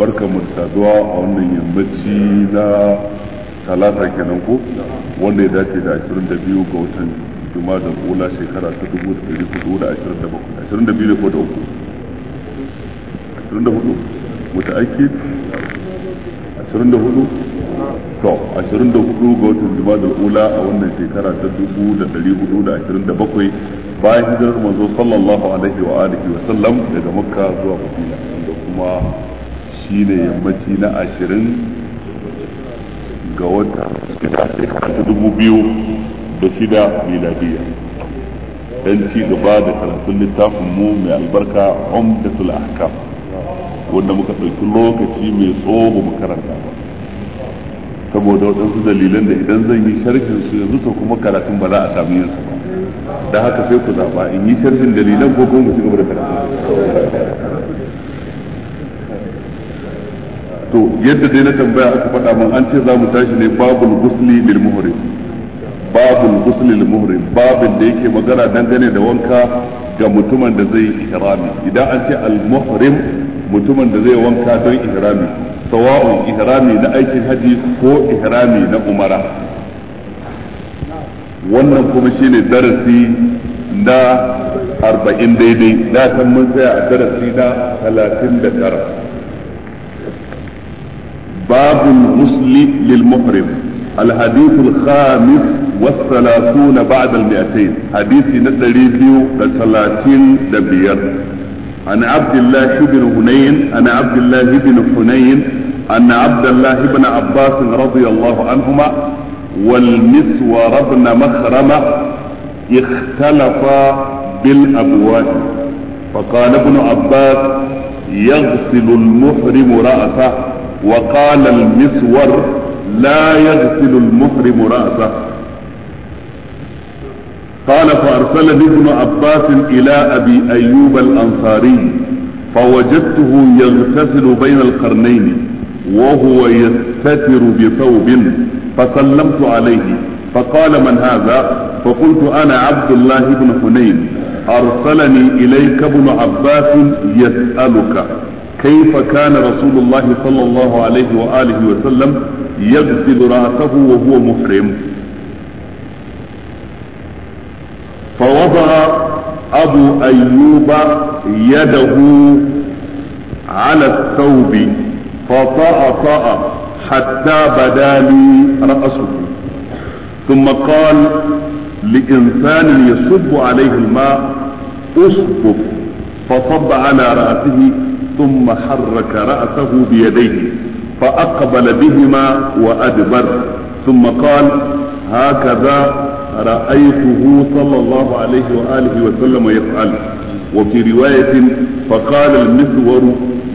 barka mu da saduwa a wannan yammaci na talata kenan ko wanda ya dace da 22 ga watan juma'a ula shekara ta 1427 22 ne ko da uku 24 mutaakid 24 to 24 ga watan juma'a ula a wannan shekara ta 1427 bayan hijirar manzo sallallahu alaihi wa alihi wa sallam daga makka zuwa madina da kuma shi ne yammaci na ashirin ga wata ta dubu biyu da shida miladiya don ci gaba da karatun littafin mu mai albarka umdatul ahkam wanda muka ɗauki lokaci mai tsoho mu karanta. saboda waɗansu dalilan da idan zan yi sharhin su yanzu to kuma karatun ba za a sami yin su ba da haka sai ku zaba in yi sharhin dalilan ko kuma ci gaba da karatun to yadda dai na tambaya aka faɗa min an ce za mu tashi ne babul gusli lil muhrim babul gusli lil muhrim babin da yake magana dangane da wanka ga mutumin da zai ihrami idan an ce al muhrim mutumin da zai wanka don ihrami sawa'un ihrami na aikin haji ko ihrami na umara wannan kuma shine darasi na arba'in daidai na san mun tsaya a darasi na talatin da tara باب المسلم للمحرم الحديث الخامس والثلاثون بعد المئتين حديث نتريبيو لثلاثين دبير عن عبد الله بن هنين عن عبد الله بن حنين أن عبد الله بن عباس رضي الله عنهما والمسور بن مخرمة اختلفا بالأبواب فقال ابن عباس يغسل المحرم رأسه وقال المسور لا يغسل المحرم رأسه قال فأرسلني ابن عباس إلى أبي أيوب الأنصاري فوجدته يغتسل بين القرنين وهو يستتر بثوب فسلمت عليه فقال من هذا فقلت أنا عبد الله بن حنين أرسلني إليك ابن عباس يسألك كيف كان رسول الله صلى الله عليه وآله وسلم يغسل رأسه وهو محرم فوضع أبو أيوب يده على الثوب فطاء طاء حتى بدا لي رأسه ثم قال لإنسان يصب عليه الماء أصبب فصب على رأسه ثم حرك رأسه بيديه فأقبل بهما وأدبر ثم قال هكذا رأيته صلى الله عليه وآله وسلم يفعل وفي رواية فقال المزور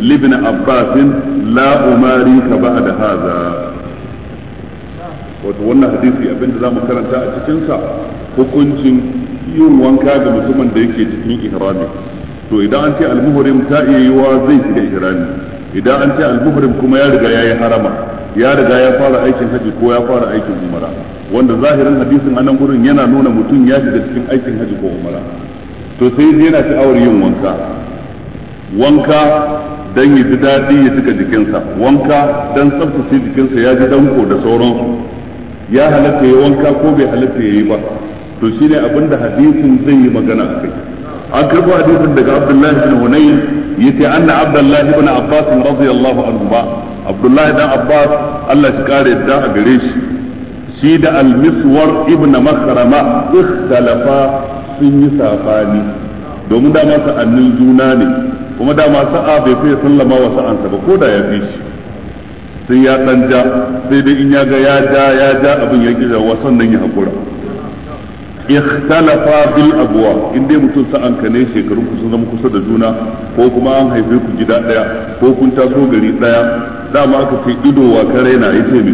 لابن عباس لا أماريك بعد هذا wato wannan hadisi abinda za mu karanta a cikinsa hukuncin yin wanka ga mutumin da yake cikin ihrami to idan an ce almuhrim ta iya yi wa zai shiga ihrami idan an ce almuhrim kuma ya riga yayi harama ya riga ya fara aikin haji ko ya fara aikin umara wanda zahirin hadisin anan gurin yana nuna mutum ya shiga cikin aikin haji ko umara to sai yana sha'awar yin wanka wanka dan ya ji daɗi ya cika jikinsa wanka dan tsaftace jikinsa ya ji danko da sauransu ya halatta ya wanka ko bai halatta ya yi ba to shine abinda hadisin zai yi magana a kai an karbo hadisin daga abdullahi bin hunayn yace anna abdullahi bin abbas radiyallahu anhu ba abdullahi dan abbas Allah shi kare da a gare shi shi da almiswar ibn makrama ikhtalafa sun yi safani domin dama sa'annin juna ne kuma dama a bai fi sallama wa sa'ansa ba ko da ya fi shi sai ya dan ja sai dai in ya ga ya ja ya ja abin ya kira wa sannan ya hakura ikhtalafa bil abwa in dai mutum sa'an ka ne shekarun ku sun zama kusa da juna ko kuma an haife ku gida daya ko kun taso gari daya dama aka ce ido wa kare na yace me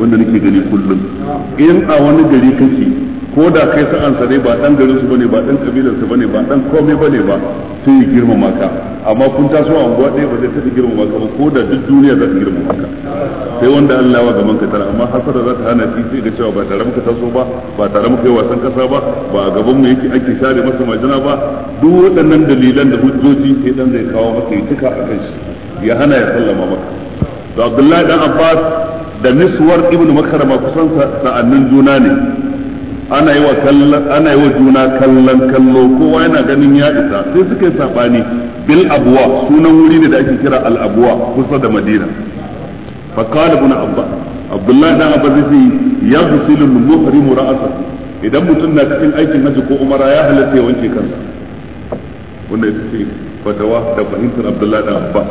wanda nake gani kullum in a wani gari kake ko da kai sa'an sa dai ba dan garin su bane ba dan kabilar su bane ba dan komai bane ba sai ya girmama ka amma kun taso a unguwa ɗaya ba zai taɓa girmama ka ba ko da duk duniya za ta girmama ka sai wanda Allah wa gaban ka tara amma hasara za ta hana shi sai ga cewa ba tare muka taso ba ba tare muka yi wasan kasa ba ba a gaban mu yake ake share masa majina ba duk waɗannan dalilan da hujjoji sai dan zai kawo maka yi tuka a kan shi ya hana ya sallama maka to Abdullahi dan Abbas da Niswar ibn Makarama kusan sa'annin juna ne ana yi wa kallon ana yi wa juna kallon kallo kowa yana ganin ya isa sai suka yi sabani bil abuwa sunan wuri ne da ake kira al kusa da madina fa qala ibn abba abdullahi dan abba zai ya gusilu mura muhrimu ra'asa idan mutum na cikin aikin haji ko umara ya halatta ya wanke kansa wanda ya ce fatawa da fahimtar abdullahi dan abba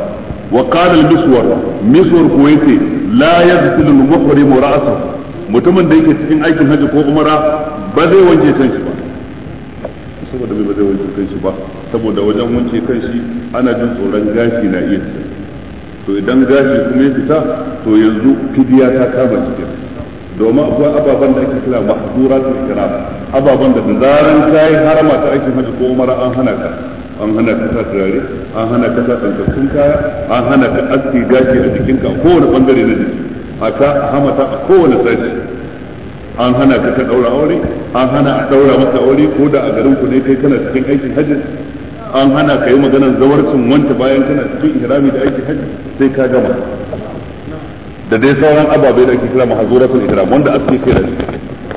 wa qala al miswar miswar ko yace la yaghsilu al muhrimu ra'asa mutumin da yake cikin aikin haji ko umara ba zai wanke kanshi ba saboda bai ba zai wanke kanshi ba saboda wajen wanke kanshi ana jin tsoron gashi na iya fita to idan gashi kuma ya fita to yanzu fidiya ta kama jiki domin akwai ababen da ake kira ta kira ababen da zaran kai harama ta aikin hajji ko umara an hana ka an hana ka sa turare an hana ka sa tsantattun kaya an hana ka aski gashi a jikinka kowane bangare na jiki haka hamata a kowane sashi an hana ka ta daura aure an hana a daura maka aure ko da a garin ku ne kai kana cikin aikin hajji an hana ka yi maganar zawarcin wanta bayan kana cikin ihrami da aikin hajji sai ka gama da dai sauran ababai da ake kira mahazuratul ihram wanda ake kira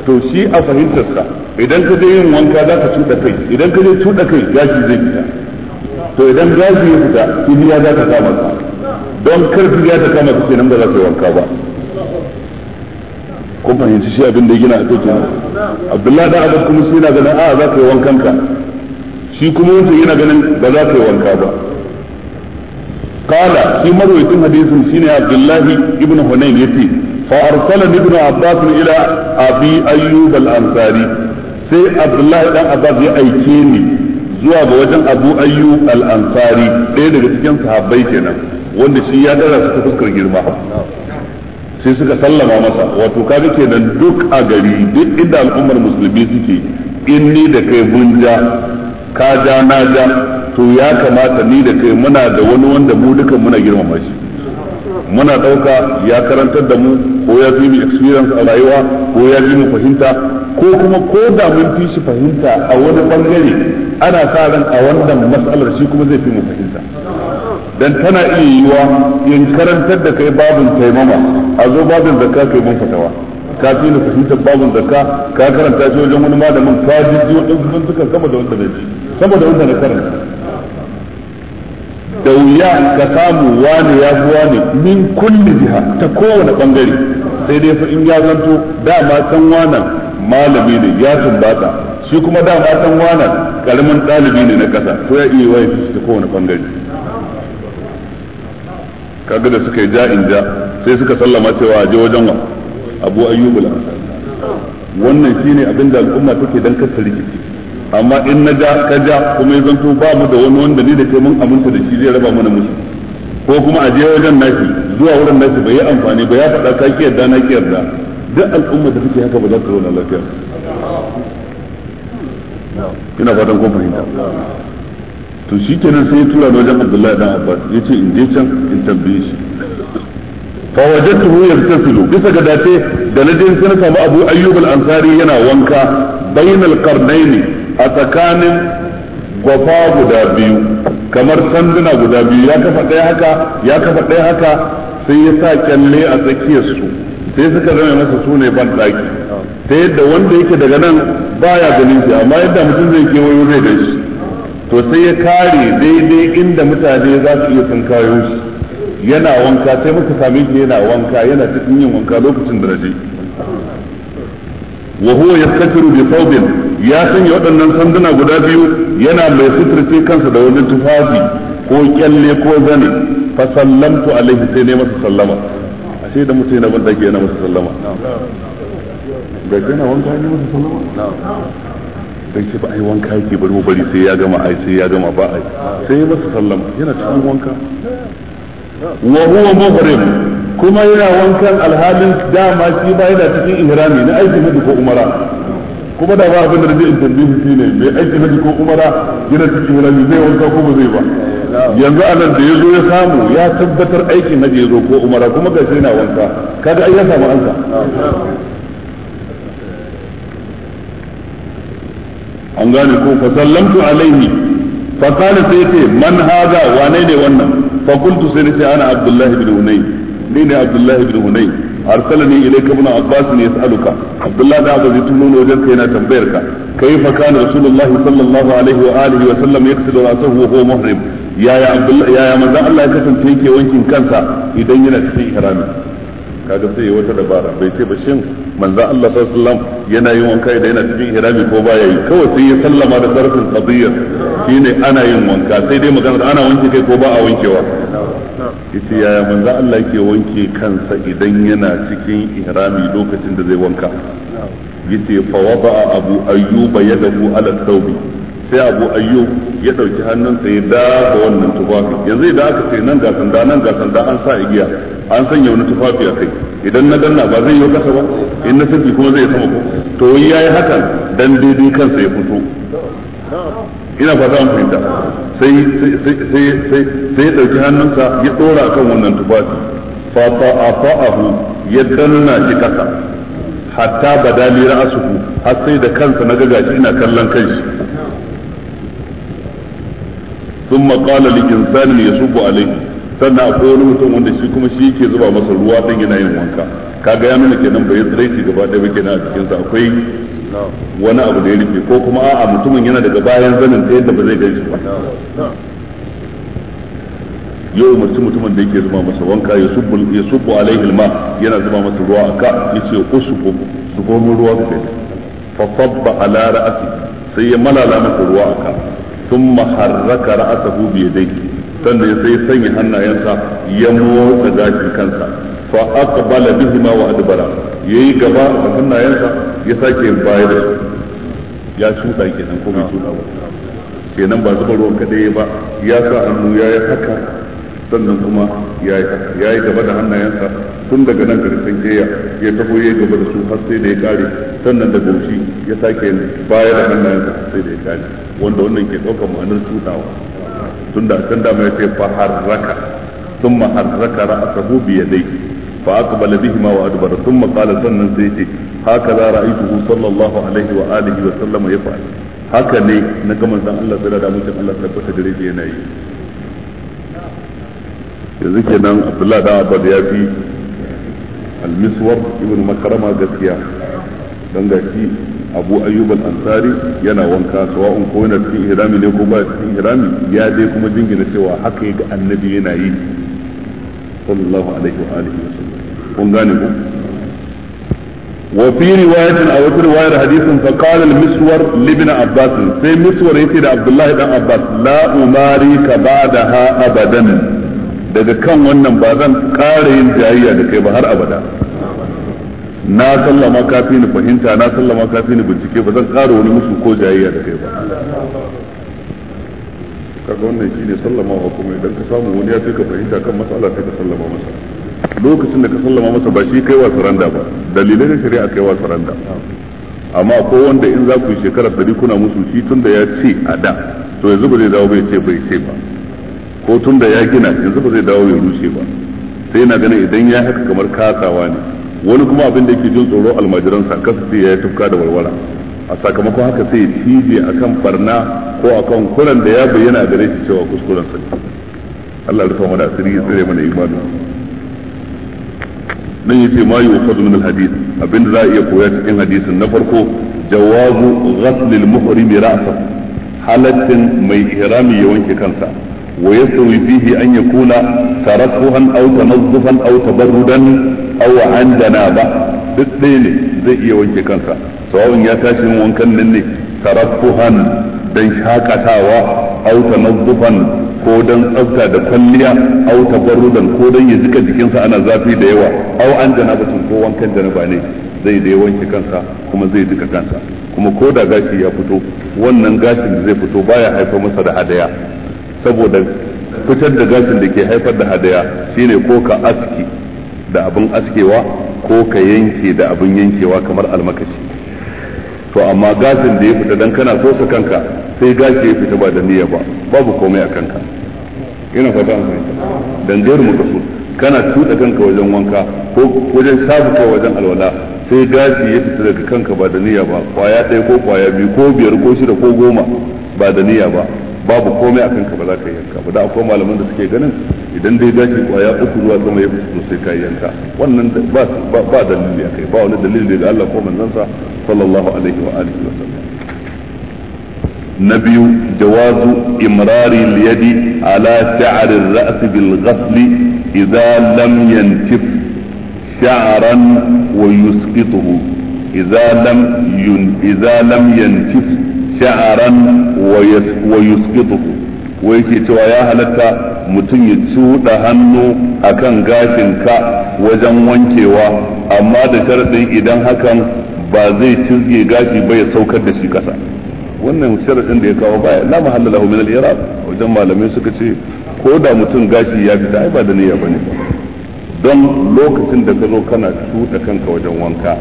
to shi a fahimtar sa idan ka je yin wanka za ka tuda kai idan ka je tuda kai gashi zai fita to idan gashi ya fita kibiya za ka kama ka don kar kibiya ta kama ka nan ba za ka yi wanka ba kun fahimci shi abin da ya gina a kai kenan abdullahi da abu kuma shi na ganin a za ka yi wankan ka shi kuma wancan yana ganin ba za ka yi wanka ba kala shi marwayin hadisin shine abdullahi ibn ya ce fa arsala ibn abbas ila abi ayyub al-ansari sai abdullahi dan abbas ya aike ni zuwa ga wajen abu ayyub al-ansari ɗaya daga cikin sahabbai kenan wanda shi ya dara su ta fuskar girma sai suka sallama masa wato ke nan duk a gari duk inda al'ummar musulmi suke in ni da kai mun ja ka ja na ja to ya kamata ni da kai muna da wani wanda mu dukan muna girmama shi muna ɗauka ya karantar da mu ko ya fi mu experience a rayuwa ko ya fi mu fahimta ko kuma ko da mun fi shi fahimta a wani bangare ana sa ran a wannan matsalar shi kuma zai fi mu fahimta dan tana iya yiwa in karantar da kai babin taimama a zo babin zakka kai mun fatawa ka fi na fahimtar babin zakka ka karanta shi wajen wani malamin ka ji wajen sun suka sama da wanda bai sama da wanda na karanta da wuya ka samu wani ya fi wani min kulli jiha ta kowane bangare sai dai fa in ya zanto dama san wanan malami ne ya tumbata shi kuma dama san wanan karamin dalibi ne na kasa ko ya iya wai ta kowane bangare kaga da suka yi ja in ja sai suka sallama cewa a je wajen wa abu ayyubul wannan shine abin da al'umma take dan kasar rikici amma in na ja ka ja kuma ya zanto ba mu da wani wanda ni da kai mun aminta da shi zai raba mana musu ko kuma a je wajen nashi zuwa wurin nashi bai yi amfani ba ya faɗa ka ki yarda na ki yarda duk al'umma da take haka ba za ta zauna lafiya ina fatan ko fahimta to shikenan sai ya tura wajen Abdullahi dan Abbas yace in je can in tambaye shi fa wajadtuhu yaghtasilu bisa ga dace da na din sun samu Abu Ayyub al-Ansari yana wanka bainal qarnaini a tsakanin gwafa guda biyu kamar sanduna guda biyu ya kafa ɗaya haka ya kafa haka sai ya sa kyalle a tsakiyar su sai suka zama masa sune ban daki ta yadda wanda yake daga nan baya ganin shi amma yadda mutum zai wayo zai da to sai ya kare daidai inda mutane za su iya sun shi yana wanka sai muka same shi yana wanka yana cikin yin wanka lokacin da naje wa huwa yastakiru bi thawbin ya sanya waɗannan sanduna guda biyu yana mai suturce kansa da wani tufafi ko kyalle ko zane fa sallamtu alaihi sai ne masa sallama ashe da mutum yana ban dake yana masa sallama ga yana wanka ne masa sallama dan ce ba ai wanka yake bari bari sai ya gama ai sai ya gama ba ai sai masa sallama yana cikin wanka wa huwa kuma yana wankan alhalin dama shi ba yana cikin ihrami na aiki hajji ko umara kuma da ba abin da zai in tambayi shi ne mai aiki hajji ko umara yana cikin ihrami zai wanka ko ba zai ba yanzu a nan da ya zo ya samu ya tabbatar aiki na ya zo ko umara kuma ga shi yana wanka kaga ai ya samu ansa an gane ko fa sallamtu alaihi fa qala sai man hada wa ne wannan فقلت سنتي انا عبد الله بن هني هنين نيني عبد الله بن هني ارسلني اليك ابن عباس يسالك عبد الله بن عباس يتمون وجدت هنا تنبيرك كيف كان رسول الله صلى الله عليه واله وسلم يغسل راسه وهو محرم يا يا عبد الله يا يا من الله كتم فيك وانت كنت اذا ينا في احرامي كاد سي وتدبر بيتي بشنك manzon Allah sallallahu alaihi wasallam yana yin wanka idan yana cikin ihrami ko baya yi kawai sai ya sallama da sarfin qadiyya shine ana yin wanka sai dai magana da ana wanke kai ko ba a wankewa yace yaya manzon Allah yake wanke kansa idan yana cikin ihrami lokacin da zai wanka yace fa waba abu ayyuba yadahu ala thawbi sai abu ayyub ya dauki hannunsa ya da wannan tufafi yanzu idan aka ce nan ga sanda nan ga sanda an sa igiya an sanya wani tufafi a kai idan na danna ba zai yi kasa ba in na kuma zai sama ko to wai yi hakan dan daidai kansa ya fito ina fata an fahimta sai sai sai sai ya dauki hannunsa ya dora kan wannan tufafi fa ta'afahu ya danna shi kasa hatta badali ra'asuhu har sai da kansa na gaga shi ina kallon kanshi ثم قال لإنسان يسب عليه sannan akwai wani mutum wanda shi kuma shi ke zuba masa ruwa dan yana yin wanka kaga ya nuna kenan bai tsiraici gaba ɗaya ba kenan a cikin sa akwai wani abu da ya rufe ko kuma a'a mutumin yana daga bayan zanin ta yadda ba zai gaishe ba yau umarci mutumin da yake zuba masa wanka ya subbu ya subbu alaihi alma yana zuba masa ruwa aka yace usbu su komo ruwa ka fa sabba ala ra'si sai ya malala masa ruwa aka thumma harraka ra'sahu bi yadayhi sanda ya sai sanya hannayensa ya motsa gashin kansa fa aqbala bihima wa adbara yayi gaba da hannayensa ya sake baya da ya shuda kenan ko bai shuda ba kenan ba zuba ruwan kadai ba ya sa hannu ya yi haka sannan kuma ya yi haka ya yi gaba da hannayensa tun daga nan karshen keya ya taho ya gaba da su har sai da ya kare sannan da goshi ya sake baya da hannayensa sai da ya kare wanda wannan ke ɗaukar ma'anar shudawa tunda can da mai ce fa harraka thumma harraka ra'sahu bi yadayhi fa aqbala bihima wa adbara thumma qala sannan sai ce haka za ra'aytuhu sallallahu alaihi wa alihi wa sallama yaf'al haka ne na ga manzon Allah sai da mutum Allah tabbata gare shi yana yi yanzu kenan abdullahi da Abbas ya fi al-Miswar ibn Makrama gaskiya don ga abu ayyub ansari yana wanka sawa'un ko yana cikin ihrami ne ko ba cikin ihrami ya dai kuma jingina cewa haka ga annabi yana yi sallallahu alaihi wa alihi wasallam kun gane ko وفي رواية أو في رواية حديث فقال المسور لابن عباس في مسور يسير عبد الله بن عباس لا أماريك بعدها أبدا daga kan wannan ba zan kare yin jayayya da kai ba har abada na sallama kafi ni fahimta na sallama kafi ni bincike ba zan ƙara wani musu ko jayayya da kai ba kaga wannan shine sallama wa kuma idan ka samu wani ya fi ka fahimta kan matsala sai ka sallama masa lokacin da ka sallama masa ba shi kai wa saranda ba dalilai na shari'a kai wa saranda amma ko wanda in za ku yi shekara dari kuna musu shi tun da ya ce a da to yanzu ba zai dawo bai ce bai ce ba ko tun da ya gina yanzu ba zai dawo ya rushe ba sai na ganin idan ya haka kamar kasawa ne wani kuma abin da yake jin tsoro almajiransa kasa sai ya tufka da walwala a sakamakon haka sai cije akan barna ko akan kuran da ya bayyana a gare shi cewa kuskuren sa Allah rufa mana asiri ya tsare mana imani nan ya ce ma yuqadu min alhadith abinda za a iya koya cikin hadisin na farko jawazu ghasl almuhrim ra'sa halatin mai ihrami ya wanke kansa ويستوي فيه أن يكون ترفها أو تنظفا أو تبردا aw an ba duk ɗaya ne zai iya wanke kansa sawa'un ya tashi yin wankan nan ne tarakkuhan dan shakatawa aw tanazzufan ko dan tsafta da kwalliya auta barudan ko dan ya jika jikinsa ana zafi da yawa aw an tun ko wankan ba ne zai dai wanke kansa kuma zai duka kansa kuma ko da gashi ya fito wannan gashin zai fito baya haifar masa da hadaya saboda fitar da gashin da ke haifar da hadaya shine ko ka aski da abin askewa ko ka yanke da abin yankewa kamar almakashi to amma gashin da ya fita dan kana so sa kanka sai gashi ya fita ba da niyya ba babu komai a kanka ina fata an fahimta dan gairu mutasu kana cuta kanka wajen wanka ko wajen sabuka wajen alwala sai gashi ya fita daga kanka ba da niyya ba kwaya ɗaya ko kwaya biyu ko biyar ko shida ko goma ba da niyya ba babu komai a kanka ba za ka yanka ba da akwai malaman da suke ganin idan dai zaki kwaya uku ruwa sama ya fito sai ka yanka wannan ba ba dalili akai ba wani dalili daga Allah ko manzon sa sallallahu alaihi wa alihi wa sallam na biyu jawazu imrari liyadi ala sha'ar ar-ra's bil ghasl idza lam yantif sha'ran wa yusqituhu idza lam yun idza lam yantif sha'ran wa yusqituhu wai ke cewa ya halatta mutum ya cuɗa hannu a kan gashinka wajen wankewa amma da sharaɗin idan hakan ba zai cizge gashi ba ya saukar da shi ƙasa wannan sharaɗin da ya kawo baya la mahalla lahu min al wajen malamai suka ce ko da mutum gashi ya fita ai ba da niyya bane don lokacin da ka zo kana cuɗa kanka wajen wanka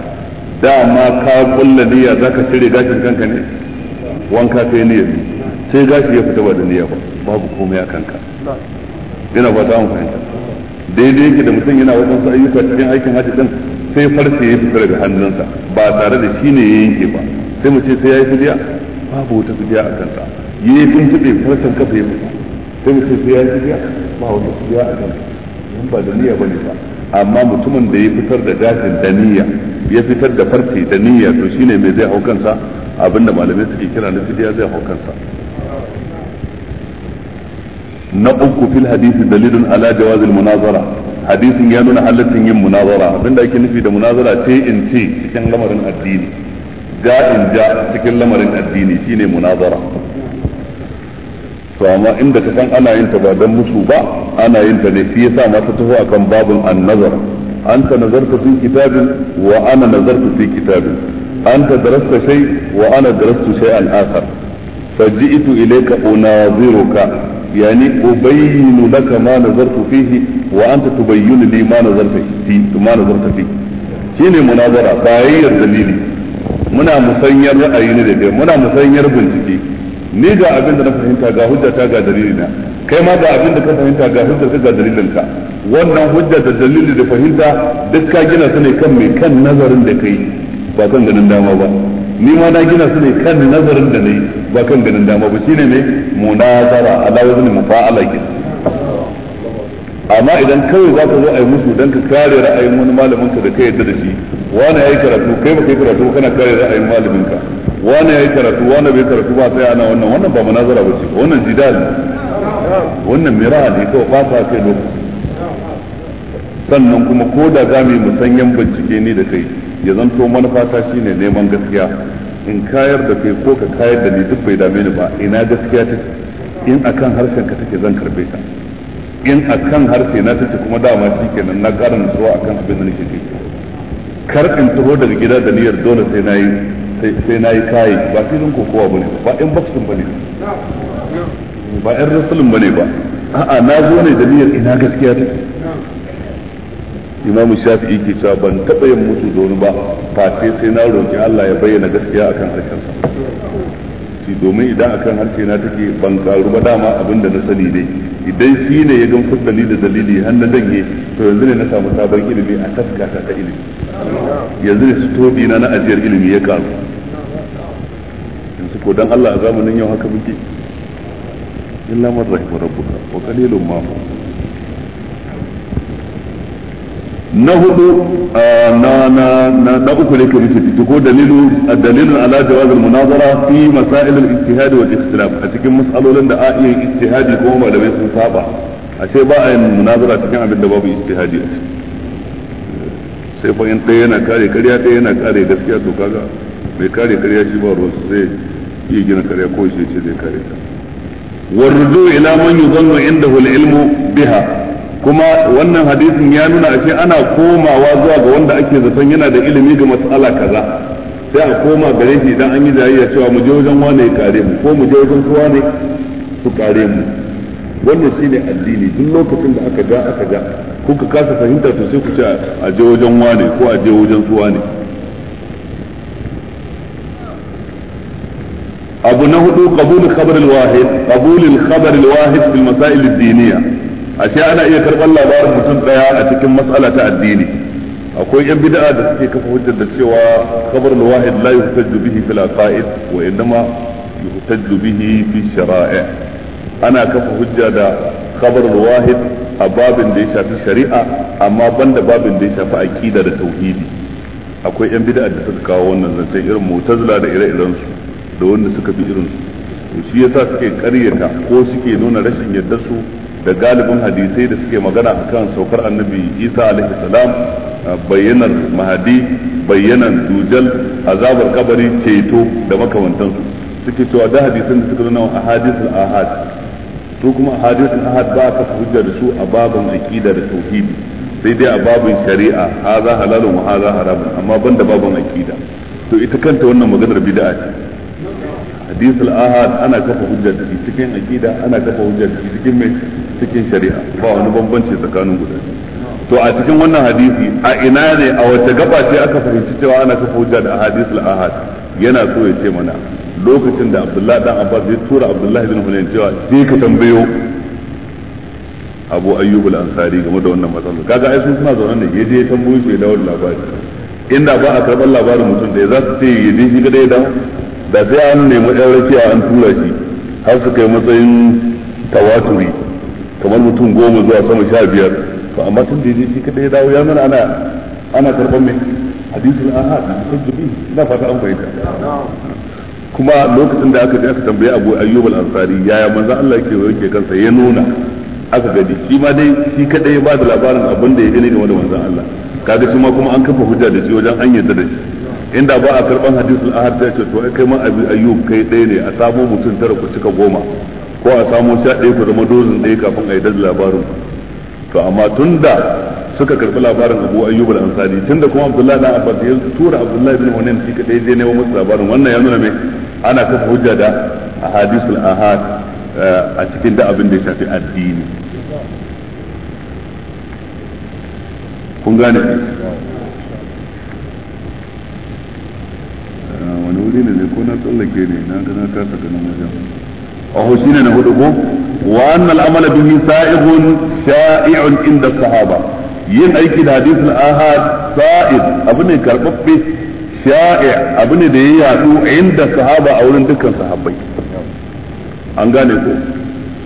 dama ka kulla niyya zaka cire gashin kanka ne wanka kai niyya sai gashi ya fita ba da niyya ba babu komai a kanka Yana fata an fahimta daidai yake da mutum yana wajen ayyuka cikin aikin haji din sai farce ya fita daga hannunsa ba tare da shi ne ya yanke ba sai mu ce sai ya yi fidiya babu wata fidiya a kansa ya yi tuntuɓe farcen kafa ya fita sai mu ce sai ya yi fidiya ba wata fidiya a kansa in ba da niyya bane ba amma mutumin da ya fitar da gashin da niyya ya fitar da farce da niyya to shine mai zai hau kansa abinda malamai suke kira na fidiya zai hau kansa na uku fil hadisi dalilun ala jawazil munazara hadisin ya nuna halaccin yin munazara abinda ake nufi da munazara ce in ce cikin lamarin addini ja in ja cikin lamarin addini shine munazara to amma inda ka san ana yin ta ba dan mutu ba ana yin ta ne shi yasa ma ta taho akan babun an-nazar anta nazarta fi kitabin wa ana nazarta fi kitabin anta darasta shay wa ana darastu shay'an akhar faji'tu ilayka unaziruka يعني أبين لك ما نظرت فيه وأنت تبين لي ما نظرت فيه ما نظرت فيه shine munazara bayayyar dalili muna musanyar ra'ayi ne da muna musanyar bincike ni ga abin da na fahimta ga hujja ta ga dalilina kai ma ga abin da ka fahimta ga hujja ta ga dalilinka wannan hujja da dalili da fahimta duk ka gina su ne kan mai kan nazarin da kai ba kan ganin dama ba ni ma na gina su ne kan nazarin da na yi. ba kan ganin dama ba shine mai munazara ala wazn mufa'ala ke amma idan kawai za ka zo ai musu don ka kare ra'ayin wani malamin ka da ka yadda da shi wani yayi karatu kai ba kai karatu kana kare ra'ayin malamin ka wani yayi karatu wani bai karatu ba sai ana wannan wannan ba munazara ba ce wannan jidal wannan mira ne kawai ba ta kai lokaci sannan kuma ko da za mu yi musanyen bincike ni da kai ya zanto manufa ta shine neman gaskiya in kayar da kai ko ka kayar da ni duk bai dame ni ba ina gaskiya ta in akan harshen ka take zan karbe ta in akan harshe na take kuma dama kenan na ƙara nutsuwa akan abin da nake ciki kar in taho daga gida da niyyar dole sai na yi sai na yi kayi ba filin kokowa bane ba ɗan boxing bane ba ɗan rasulun bane ba a'a na zo ne da niyyar ina gaskiya take imamu shafi'i ke cewa ban taɓa yin mutu da wani ba face sai na roƙi Allah ya bayyana gaskiya akan harshensa shi domin idan akan harshe na take ban karu ba dama abin da na sani dai idan shi ne ya gan fuskali da dalili har na dange to yanzu ne na samu sabon ilimi a taska ta ilimi yanzu ne stobi na na ajiyar ilimi ya karu yanzu ko dan Allah a zamanin yau haka muke illa man rahimu rabbuka wa qalilun ma na hudu na na na na uku ne kare ce ko dalilu dalilun ala jawaz al-munazara fi masail al-ijtihad wal ikhtilaf a cikin mas'alolin da a iya ijtihadi ko malamai sun saba a ce ba a yin munazara cikin abin da babu ijtihadi a sai fa in ɗaya yana kare ƙarya ɗaya yana kare gaskiya to kaga mai kare ƙarya shi ba ruwan sai iya gina ƙarya ko shi ce zai kare ta warrudu ila man yuzannu indahu al-ilmu biha kuma wannan hadisin ya nuna ce ana komawa zuwa ga wanda ake zaton yana da ilimi ga matsala kaza sai a koma gare shi idan an yi jayayya cewa mu je wajen wane ya kare mu ko mu je wajen kowa ne su kare mu wannan shine addini duk lokacin da aka ga aka ga ko ka kasa fahimta to sai ku ce a je wajen wane ko a je wajen su wane abu na hudu qabul khabar al-wahid qabul al-khabar al-wahid bil masail ad-diniyah ashe ana iya karɓar labarin mutum ɗaya a cikin matsala ta addini akwai yan bid'a da suke kafa hujjar da cewa kabar wahid la yuhtaju bihi fil aqaid wa innama yuhtaju bihi fi shara'i ana kafa hujja da kabar wahid a babin da ya shafi shari'a amma banda babin da ya shafi aqida da tauhidi akwai yan bid'a da suka kawo wannan zancen irin mu'tazila da ire-iren su da wanda suka bi irin su to shi yasa suke ƙaryata ko suke nuna rashin yadda su da galibin hadisai da suke magana a kan saukar annabi isa alaihi salam bayyanar mahadi bayyanan dujal azabar kabari ceto da makamantansu suke cewa da hadisan da suka nuna ahadithul ahad su kuma ahadithul ahad ba ka hujja da su a babin aqida da tauhidi sai dai a babin shari'a haza halalun wa haza haramun amma ban da babin aqida to ita kanta wannan maganar bid'a ce hadisul ahad ana kafa hujjar da cikin aqida ana kafa hujjar da cikin mai cikin shari'a ba wani bambanci tsakanin guda to a cikin wannan hadisi a ina ne a wace gaba ce aka fahimci cewa ana kafa hujja da hadisul ahad yana so ya ce mana lokacin da abdullahi dan abbas ya tura abdullahi bin hunayn cewa je ka tambayo abu ayyub al-ansari game da wannan matsalar kaga ai sun suna zaune ne je ya tambayo shi da wannan labari inda ba a karɓar labarin mutum da ya za su ce ya je shi ga dai dan da sai an nemi ɗan rakiya an tura shi har su kai matsayin tawaturi kamar mutum goma zuwa sama sha biyar to amma tun da ya je shi kadai ya dawo ya nuna ana ana karban mai hadisin ahad hujjubi ina fata an bayyana kuma lokacin da aka je aka tambaye Abu Ayyub al-Ansari yaya manzo Allah yake yake kansa ya nuna aka gani shi ma dai shi kadai ya da labarin abin da ya gani game da manzo Allah kaga shi ma kuma an kafa hujja da shi wajen an yadda da shi inda ba a karban hadisul ahad sai ce to kai ma Abu Ayyub kai ɗaya ne a samu mutum tara ku cika goma ko a samo sha ɗaya ku zama dozin ɗaya kafin a yi da labarin to amma tun da suka karɓi labarin abu ayyub al-ansari tun da kuma abdullahi dan abbas ya tura abdullahi bin hunain shi ɗaya, zai nemo musu labarin wannan ya nuna mai ana kafa hujja da ahadisul ahad eh, a cikin da abin da ya shafi addini kun gane eh, wani wuri ne ko na tsallake ne na ga na kasa ganin wajen وهو شين نهدقه وأن العمل به سائغ شائع عند الصحابة yin aiki da hadisul ahad sa'id abu ne karbabbe sha'i abu ne da ya yadu inda sahaba a wurin dukkan sahabbai an gane ko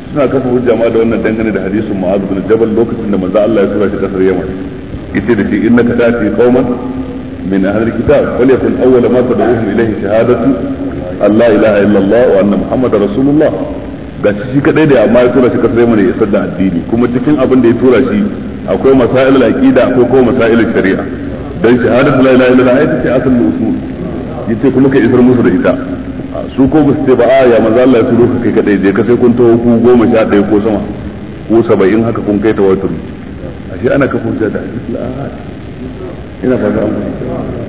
suna kafa hujja ma da wannan dangane da hadisin mu'az bin jabal lokacin da manzo Allah ya tura shi kasar Yaman yace da shi innaka tati qauman min ahli kitab wal yakun awwala ma tad'uhum ilayhi shahadatu Allah ilaha illallah wa anna muhammadar rasulullah ga shi kadai da amma ya tura shi kasai mu ne isar da addini kuma cikin abin da ya tura shi akwai masailul aqida akwai kuma masailul shari'a dan shahadatu la ilaha illallah ita ce asalin usul yace kuma kai isar musu da ita su ko ba su ce ba a ya manzo Allah ya turo ka kai kadai je kasai kun taho ku goma sha ko sama ko 70 haka kun kai tawatur ashe ana kafin da hadisi ina fata Allah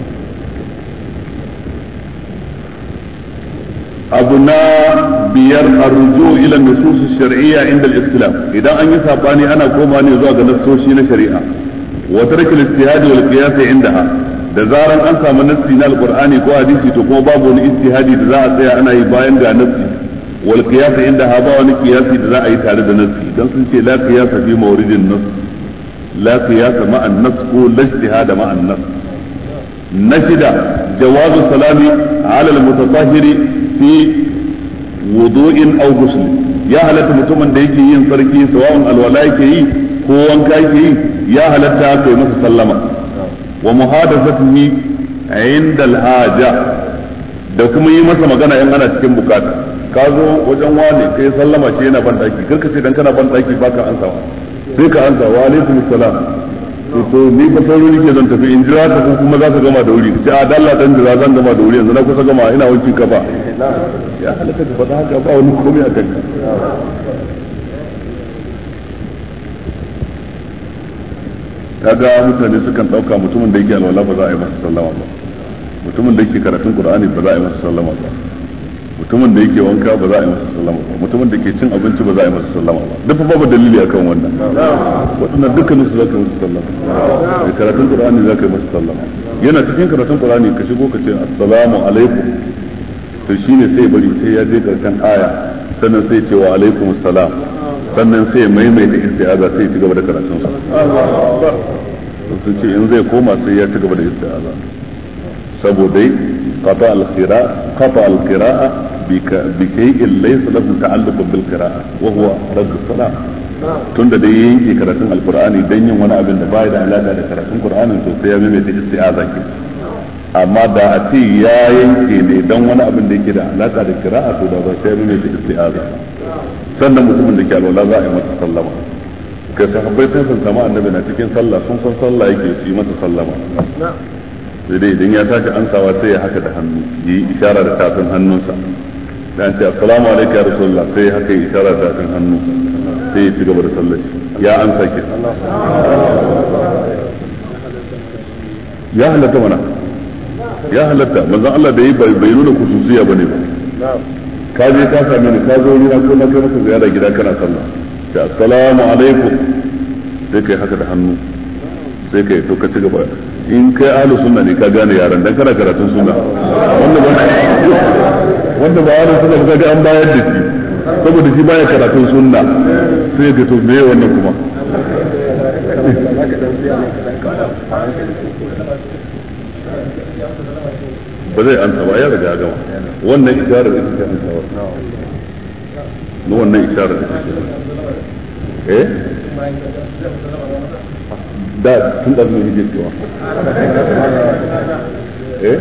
abu na biyar a arruju ila nusus shar'iyya inda al-islam idan an yi sabani ana koma ne zuwa ga nasoshi na shari'a wa tarkil ijtihad wal qiyas indaha da zaran an samu nassi na alqur'ani ko hadisi to kuma babu wani ijtihadi da za a tsaya ana yi bayan ga nassi wal qiyas indaha ba wani qiyasi da za a yi tare da nassi dan sun ce la qiyas fi mawridin nass la qiyas an-nass ko la ijtihad ma'a an-nass na shida jawazu salami ala al-mutatahhiri fi wudu'in aw ghusl ya halatta mutumin da yake yin sarki sawa'un alwala yake yi ko wanka yake yi ya halatta kai masa sallama wa muhadathatihi inda alhaja da kuma yi masa magana in ana cikin bukata ka zo wajen wane kai sallama ce yana ban daki karka ce dan kana ban daki baka ansawa sai ka ansa wa alaikum salam Eh, to ni ba sauri ke zan tafi in jira ta ko kuma za ka gama da wuri sai a dalla dan jira zan gama da wuri yanzu na kusa gama ina wanki kafa ya halaka ba za ka ba wani komai a kanka kaga mutane sukan dauka mutumin da yake alwala ba za a yi masa sallama ba mutumin da yake karatun qur'ani ba za a yi masa sallama ba mutumin da yake wanka ba za a yi masa sallama ba mutumin da ke cin abinci ba za a yi masa sallama ba duk babu dalili akan wannan waɗannan dukkanin su za ka yi masa sallama da karatun qur'ani za ka yi masa sallama yana cikin karatun qur'ani ka shigo ka ce assalamu alaikum to shine sai bari sai ya je karshen aya sannan sai ce wa alaikum assalam sannan sai maimaita istiaza sai ya ci gaba da karatun sa sun ce in zai koma sai ya ci gaba da istiaza saboda قطع القراءة قطع القراءة بشيء ليس له تعلق بالقراءة وهو رد الصلاة da yanke karatun alkur'ani don yin wani abin da baya da alaka da karatun ya amma da a ce ya yanke ne don wani abin da yake da alaka da kira'a to da sai ya maimaita isti'aza sannan mutumin da ke alwala za a yi masa sallama sahabbai sun san sama annabi na cikin sallah sun san sallah yake yi masa sallama sai dai idan ya tashi ansawa sai ya haka da hannu yi ishara da tafin hannunsa dan ce assalamu alaikum ya rasulullah sai haka yi ishara da tafin hannu sai ya ci da sallar ya amsa ki ya halatta mana ya halatta manzon Allah bai bai nuna kususiya bane ba ka je ka same ni ka zo ni na kuma kai maka ziyara gida kana sallah ta assalamu alaikum sai kai haka da hannu sai kai to ka ci gaba in kai alu sunna ne ka gane yaran dan kana karatun sunna wanda ba wanda ba alu sunna ba ga an bayar da shi saboda shi baya karatun sunna sai ka to me wannan kuma ba zai an taba ya riga gama wannan isharar ita ce ta wannan isharar ita ce eh da tun da zuwa yake cewa eh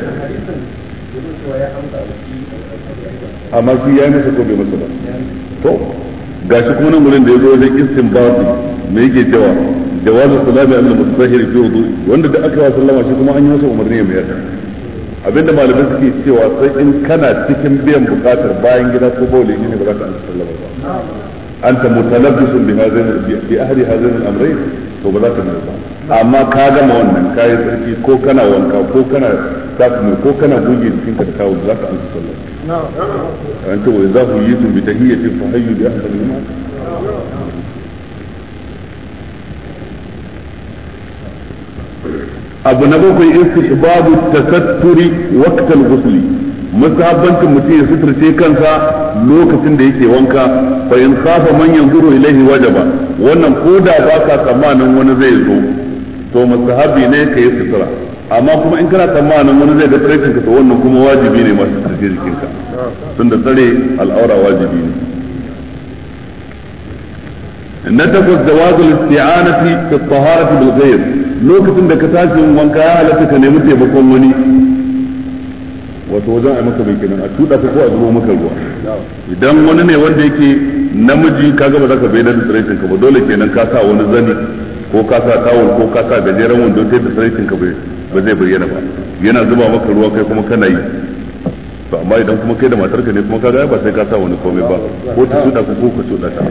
amma shi ya masa ko bai masa ba to gashi kuma nan gurin da ya zo wajen istinbati me yake cewa jawazu salami al mutahhir fi wudu wanda da aka yi sallama shi kuma an yi masa umarni ya mayar abinda malamai suke cewa sai in kana cikin biyan bukatar bayan gida ko bauli ne ba za ka sallama ba انت متلبس بهذين باهل هذين الامرين تو بذاك اما كاجا مون كاي تركي كو كانا كوكنا كو كانا تاكمي كو كانا بوجي تكين كتاو بذاك انت صلى نعم انت واذا هيتم بتهية فهي باهل الايمان abu na bakwai istihbabu التستر وقت ghusli musahabbancin mutum ya suturce kansa lokacin da yake wanka fa in manyan man yanzuru ilaihi wajaba wannan ko da ba ka tsammanin wani zai zo to musahabi ne ka yi sutura amma kuma in kana tsammanin wani zai ga tsarkin ka to wannan kuma wajibi ne masu tsarki jikinka tunda tsare al'aura wajibi ne na takwas jawazul isti'anati fi at-taharati bil ghayr lokacin da ka tashi wanka ya halatta ka nemi taimakon wani wato wajen a maka bai kenan a tuda ko a zubo maka ruwa idan wani ne wanda yake namiji kaga gaba za ka bayyana tsiraitin ka ba dole kenan ka sa wani zani ko ka sa tawul ko ka sa gajeren wando sai da tsiraitin ka ba zai bayyana ba yana zuba maka ruwa kai kuma kana yi to amma idan kuma kai da ka ne kuma ga ba sai ka sa wani komai ba ko ta tuda ko ko ka tuda ta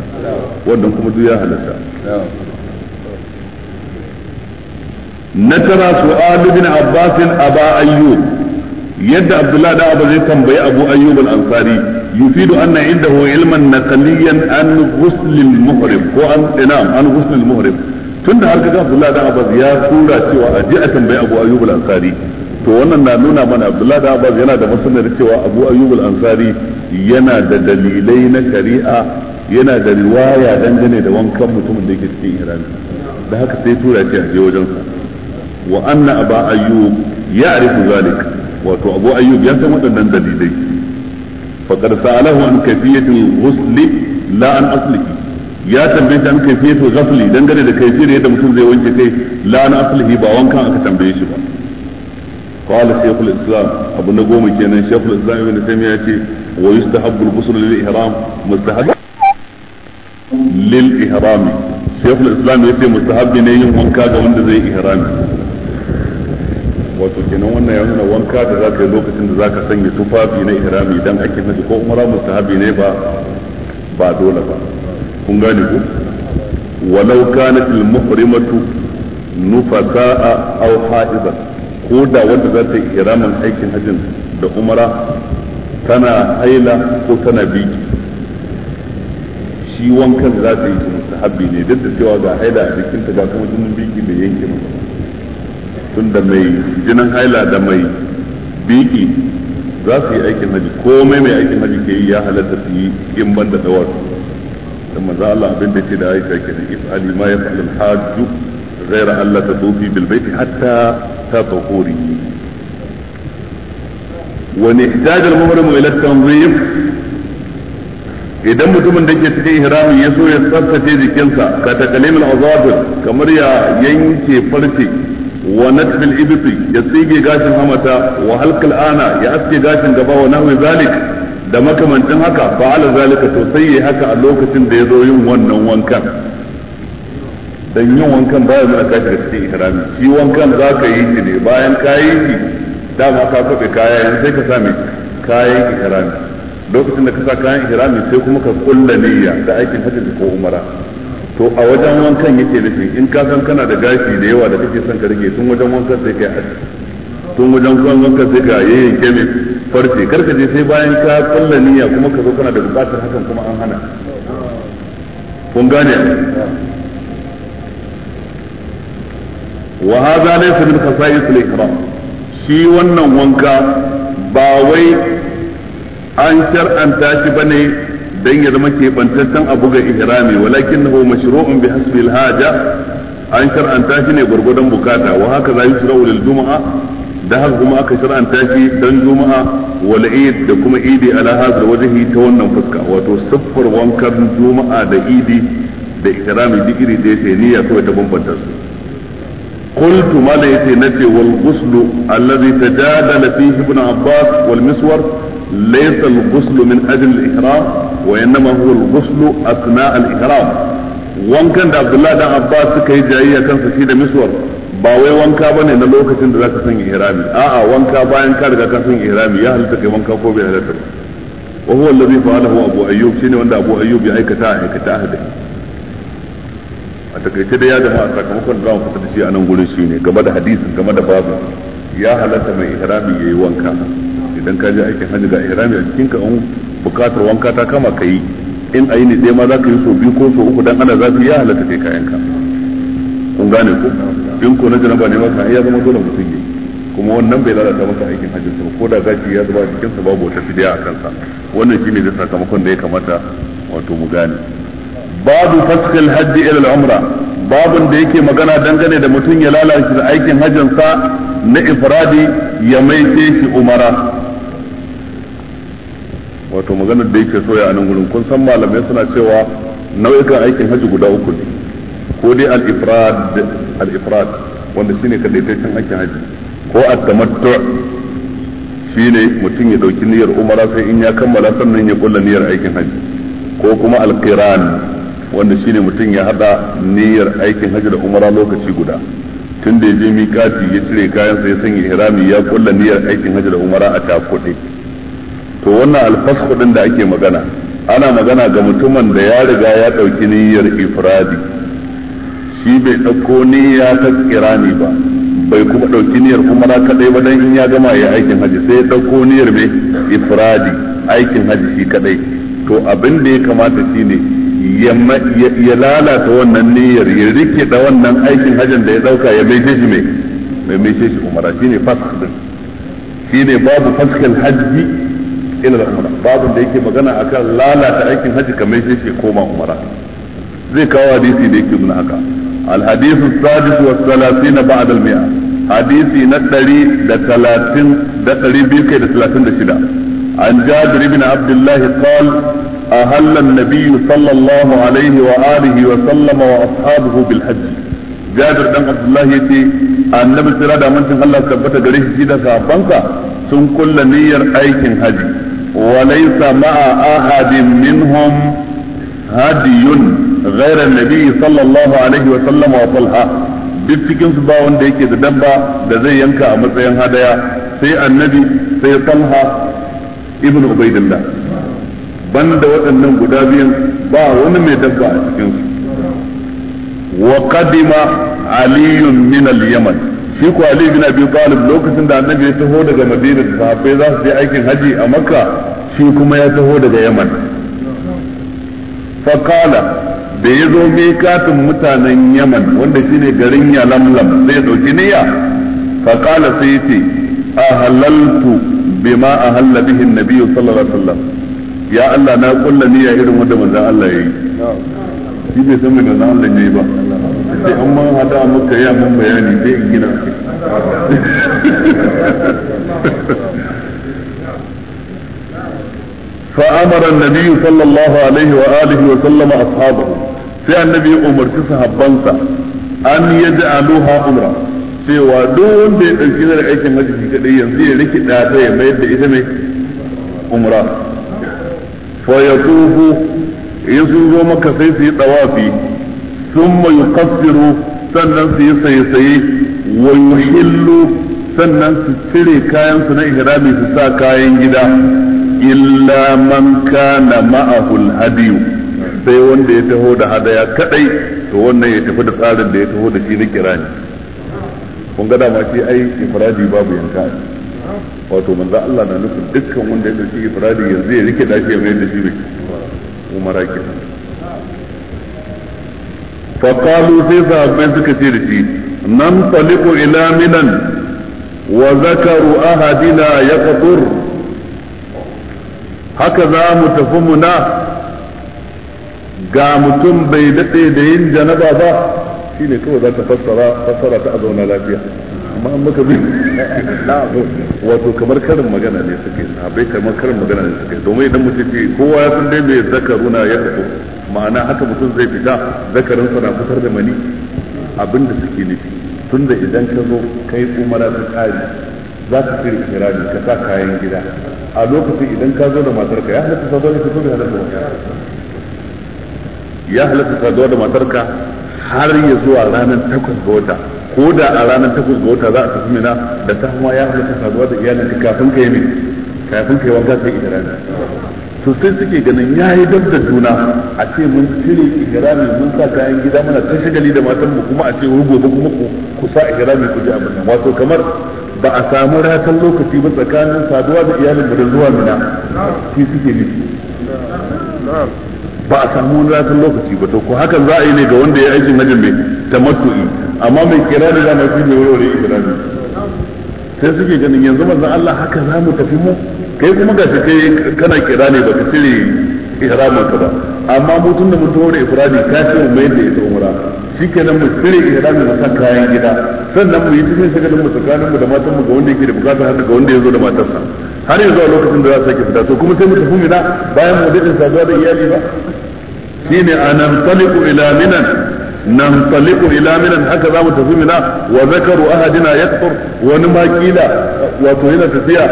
wannan kuma duk ya halatta na سؤال ابن عباس ابا ايوب yadda abdullahi da abu zai tambayi abu ayyub al-ansari yufidu anna indahu ilman naqliyan an ghusl al-muhrim ko an inam eh, an ghusl al-muhrim tunda har kaga abdullahi da abu ya tura cewa a je a tambayi abu ayyub al-ansari to wannan na nuna mana abdullahi da abu yana da masanar cewa abu ayyub al-ansari yana da dalilai na shari'a yana da riwaya dangane da wankan mutumin da yake cikin iran da haka sai tura ce a je wajensa wa anna aba ayyub ya'rifu zalika wato abu ayyub ya san waɗannan dalilai faqad sa'alahu an kayfiyatil ghusl la an aslihi ya tambaye ta an kayfiyatul ghusl dangane da kayfiyar yadda mutum zai wanke kai la an aslihi ba wankan aka tambaye shi ba قال شيخ الاسلام ya ce كان شيخ الاسلام ابن تيميه ويستحب الغسل للاحرام مستحب للاحرام شيخ الاسلام يقول مستحب ne yin wanka ga wanda zai ihrami wato kenan wannan ya nuna wanka da za ka yi lokacin da za ka sanya tufafi na ihrami dan ake nashi ko umara mustahabi ne ba ba dole ba kun gane ku walau kanat al muhrimatu nufasa'a aw haizan ko da wanda za ta yi ihramin aikin hajjin da umara tana haila ko tana bi shi wankan da za ta yi mustahabi ne duk da cewa ga haila a jikinta ga kuma jinin biki da yanke masa tunda mai jinin haila da mai biki za su yi aikin haji komai mai aikin haji ke yi ya halatta su yi in ban da dawar da manzo Allah abin da ke da Aisha ke da ifali ma ya fa'al hajju ghaira Allah ta tufi bil baiti hatta ta tahuri wa nihdaj al muhrim ila tanzif idan mutumin da ke cikin ihrami ya so ya tsaftace jikinsa ka takalimin al kamar ya yanke farce wa nadhil ibti ya tsige gashin hamata wa halqal ya aske gashin gaba wa nahwi zalik da makamantan haka fa ala zalika to sai haka a lokacin da ya zo yin wannan wankan dan yin wankan baya nuna kashi da cikin ihrami shi wankan za ka yi shi ne bayan ka yi shi dama ka kafe kaya yanzu sai ka sami kayan ihrami lokacin da ka sa kayan ihrami sai kuma ka kulla niyya da aikin hajji ko umara to a wajen wankan yake nufi in ka san kana da gashi da yawa da kake son ka rage tun wajen wankan sai ka tun wajen wankan sai ka yi yayyanke mai farce karka je sai bayan ka kalla niyya kuma ka zo kana da bukatar hakan kuma an hana kun gane wa hadha laysa min khasa'is al-ihram shi wannan wanka ba wai an shar'anta shi bane dan ya zama keɓantaccen abu ga ihrami walakin nahu mashru'un bi hasbi al-haja an shar'anta shi ne gurgudan bukata wa haka za yi shirau lil juma'a da haka kuma aka shar'anta shi dan juma'a wal eid da kuma idi ala hadha wajhi ta wannan fuska wato siffar wankan juma'a da idi da ihrami duk iri da yake niyya kawai ta bambanta su قلت ما ليت نتي والغسل الذي تجادل فيه ابن عباس والمسور ليس الغسل من أجل الإحرام وإنما هو الغسل أثناء الإحرام wankan da Abdullahi dan Abbas suka yi jayayya kan shi da miswar ba wai wanka bane na lokacin da zaka sanya ihrami a'a wanka bayan ka riga ka sanya ihrami ya halitta kai wanka ko bai halitta wa huwa alladhi fa'alahu Abu Ayyub shine wanda Abu Ayyub ya aikata a aikata hada a takaice da ya da sakamakon da zamu fita da shi a nan gurin shine game da hadisin game da babu ya halatta mai ihrami yayi wanka idan ka je aikin hajji ga ihrami a cikin ka an bukatar wanka ta kama ka yi in a yi ne dai ma za ka yi so biyu ko so uku dan ana zafi ya halatta kai kayan ka kun gane ku in ko na janaba ne maka ya zama dole mutum yi kuma wannan bai lalata masa aikin hajji ba ko da gashi ya zuba cikin sa babu wata fidiya a kansa wannan shine da sakamakon da ya kamata wato mu gane babu faskil hajji ila al-umra babun da yake magana dangane da mutum ya lalace da aikin hajjin sa na ifradi ya mai shi umara wato maganar da yake soya a nan gurin kun san malamai suna cewa nau'ikan aikin haji guda uku ne ko dai al-ifrad al-ifrad wanda shine kadaitaccen aikin haji ko at-tamattu shine mutum ya dauki niyyar umara sai in ya kammala sannan ya kulla niyyar aikin haji ko kuma al-qiran wanda shine mutum ya hada niyyar aikin haji da umara lokaci guda tun da ya je miƙati ya cire kayan ya sanya hirami ya kulla niyyar aikin haji da umara a takuɗe to wannan alfasku din da ake magana ana magana ga mutumin da ya riga ya ɗauki niyyar ifradi shi bai ɗauko niyya ta kirani ba bai kuma ɗauki niyyar umara kadai ba dan in ya gama ya aikin haji sai ya ɗauko niyyar mai ifradi aikin haji shi kadai to abin da ya kamata shine ya lalata wannan niyyar ya rike da wannan aikin hajin da ya ɗauka ya mai shi mai mai shi umara shine fask din shine babu faskil hajji ila al-umra babun da yake magana akan lalata aikin haji kamar sai shi koma umra zai kawo hadisi da yake nuna haka al-hadith as-sadis wa 30 ba'd al-mi'a hadisi na 130 da 236 an jabir ibn abdullah qala أهل النبي صلى الله عليه وآله وسلم وأصحابه بالحج جابر بن عبد الله يتي النبي صلى الله عليه وسلم الله ثبت gare shi da sahabbansa sun kulle niyyar aikin hajji. وليس مع أحد منهم هدي غير النبي صلى duk cikinsu ba wanda yake da dabba da zai yanka a matsayin hadaya sai annabi sai talha ibn ubaidillah ban da waɗannan guda biyan ba wani mai dabba a cikin su wa qadima aliyun min al shi ko Ali bin Abi Talib lokacin da annabi ya taho daga Madina da sahabbai za su je aikin haji a Makka shi kuma ya taho daga Yaman faqala da ya zo miƙatin mutanen Yaman wanda shine garin Yalamlam sai ya dauki niyya kala sai yace ahallaltu bima ahalla bihi annabi sallallahu alaihi wasallam ya Allah na kulla ya irin wanda manzon Allah yayi shi bai san me manzon Allah yayi ba ce an ma hada maka ya mun bayani sai in gina ka fa amara annabi sallallahu alaihi wa wa sallama ashabahu sai annabi ya umarci sahabbansa an yaj'alu ha umra cewa duk wanda ya dauki da aikin haji shi kadai yanzu ya riki dace ya mayar da ita mai umra fa yatufu yasu zo maka sai su yi tawafi thumma yukaffiru sannan su yi saye-saye wa yuhillu sannan su cire kayansu na ihrami su sa kayan gida illa man hadiyu sai wanda ya taho da hadaya kadai to wannan ya tafi da tsarin da ya taho da shi na kirani kun gada ma shi ai ifradi babu yanka wato manzo Allah na nufin dukkan wanda ya tafi ifradi yanzu ya rike dashi ya mai da shi umara kenan فقالوا في صحابين سكتير شيء ننطلق إلى haka za mu يقطر هكذا متفهمنا ga mutum bai daɗe da yin janaba ba shine kawai za ta fassara fassara ta a zauna lafiya amma an maka bi wato kamar karin magana ne suke bai kamar karin magana ne suke domin idan mutum ce kowa ya san dai me zakaruna ya fito ma'ana haka mutum zai fita zakarin sa na fitar da mani abinda suke nufi tunda idan ka zo kai umara ta kari za ka fi kirani ka sa kayan gida a lokacin idan ka zo da matarka ya halatta saduwa da fito da halatta ya halatta saduwa da matarka har ya zuwa ranar takwas ga wata ko da a ranar takwas ga wata za a tafi mina da ta hama ya halitta saduwa da iyalin ka kafin ka yi mai kafin ka yi ka yi ihrami to sai suke ganin ya dab da juna a ce mun cire ihrami mun sa kayan gida mana ta shagali da matan mu kuma a ce wani gobe kuma ku ku sa ihrami ku ji abin nan wato kamar ba a samu ratan lokaci ba tsakanin saduwa da iyalin da zuwa mina shi suke ne ba a samu wani ratan lokaci ba to ko hakan za a yi ne ga wanda ya aikin hajji ta matu'i amma mai kira da ma shi ne wurare ikirari sai suke ganin yanzu manzon Allah haka za mu tafi mu kai kuma gashi kai kana ne baka cire ihramin ka ba amma mu tunda mun tore ikirari ka ce mu mai da ita umra shikenan mu cire ihramin mu san kayan gida sannan mu yi cikin shagalin mu tsakanin mu da matan mu ga wanda yake da bukatar haka ga wanda ya zo da matarsa har yanzu a lokacin da za su sake fita to kuma sai mu tafi mina bayan mu daɗin saduwa da iyali ba shine anan taliqu ila minan nan taliku ila minan haka zamu tafi mina wa zakaru ahadina yaqtur wani ma kila wato yana tafiya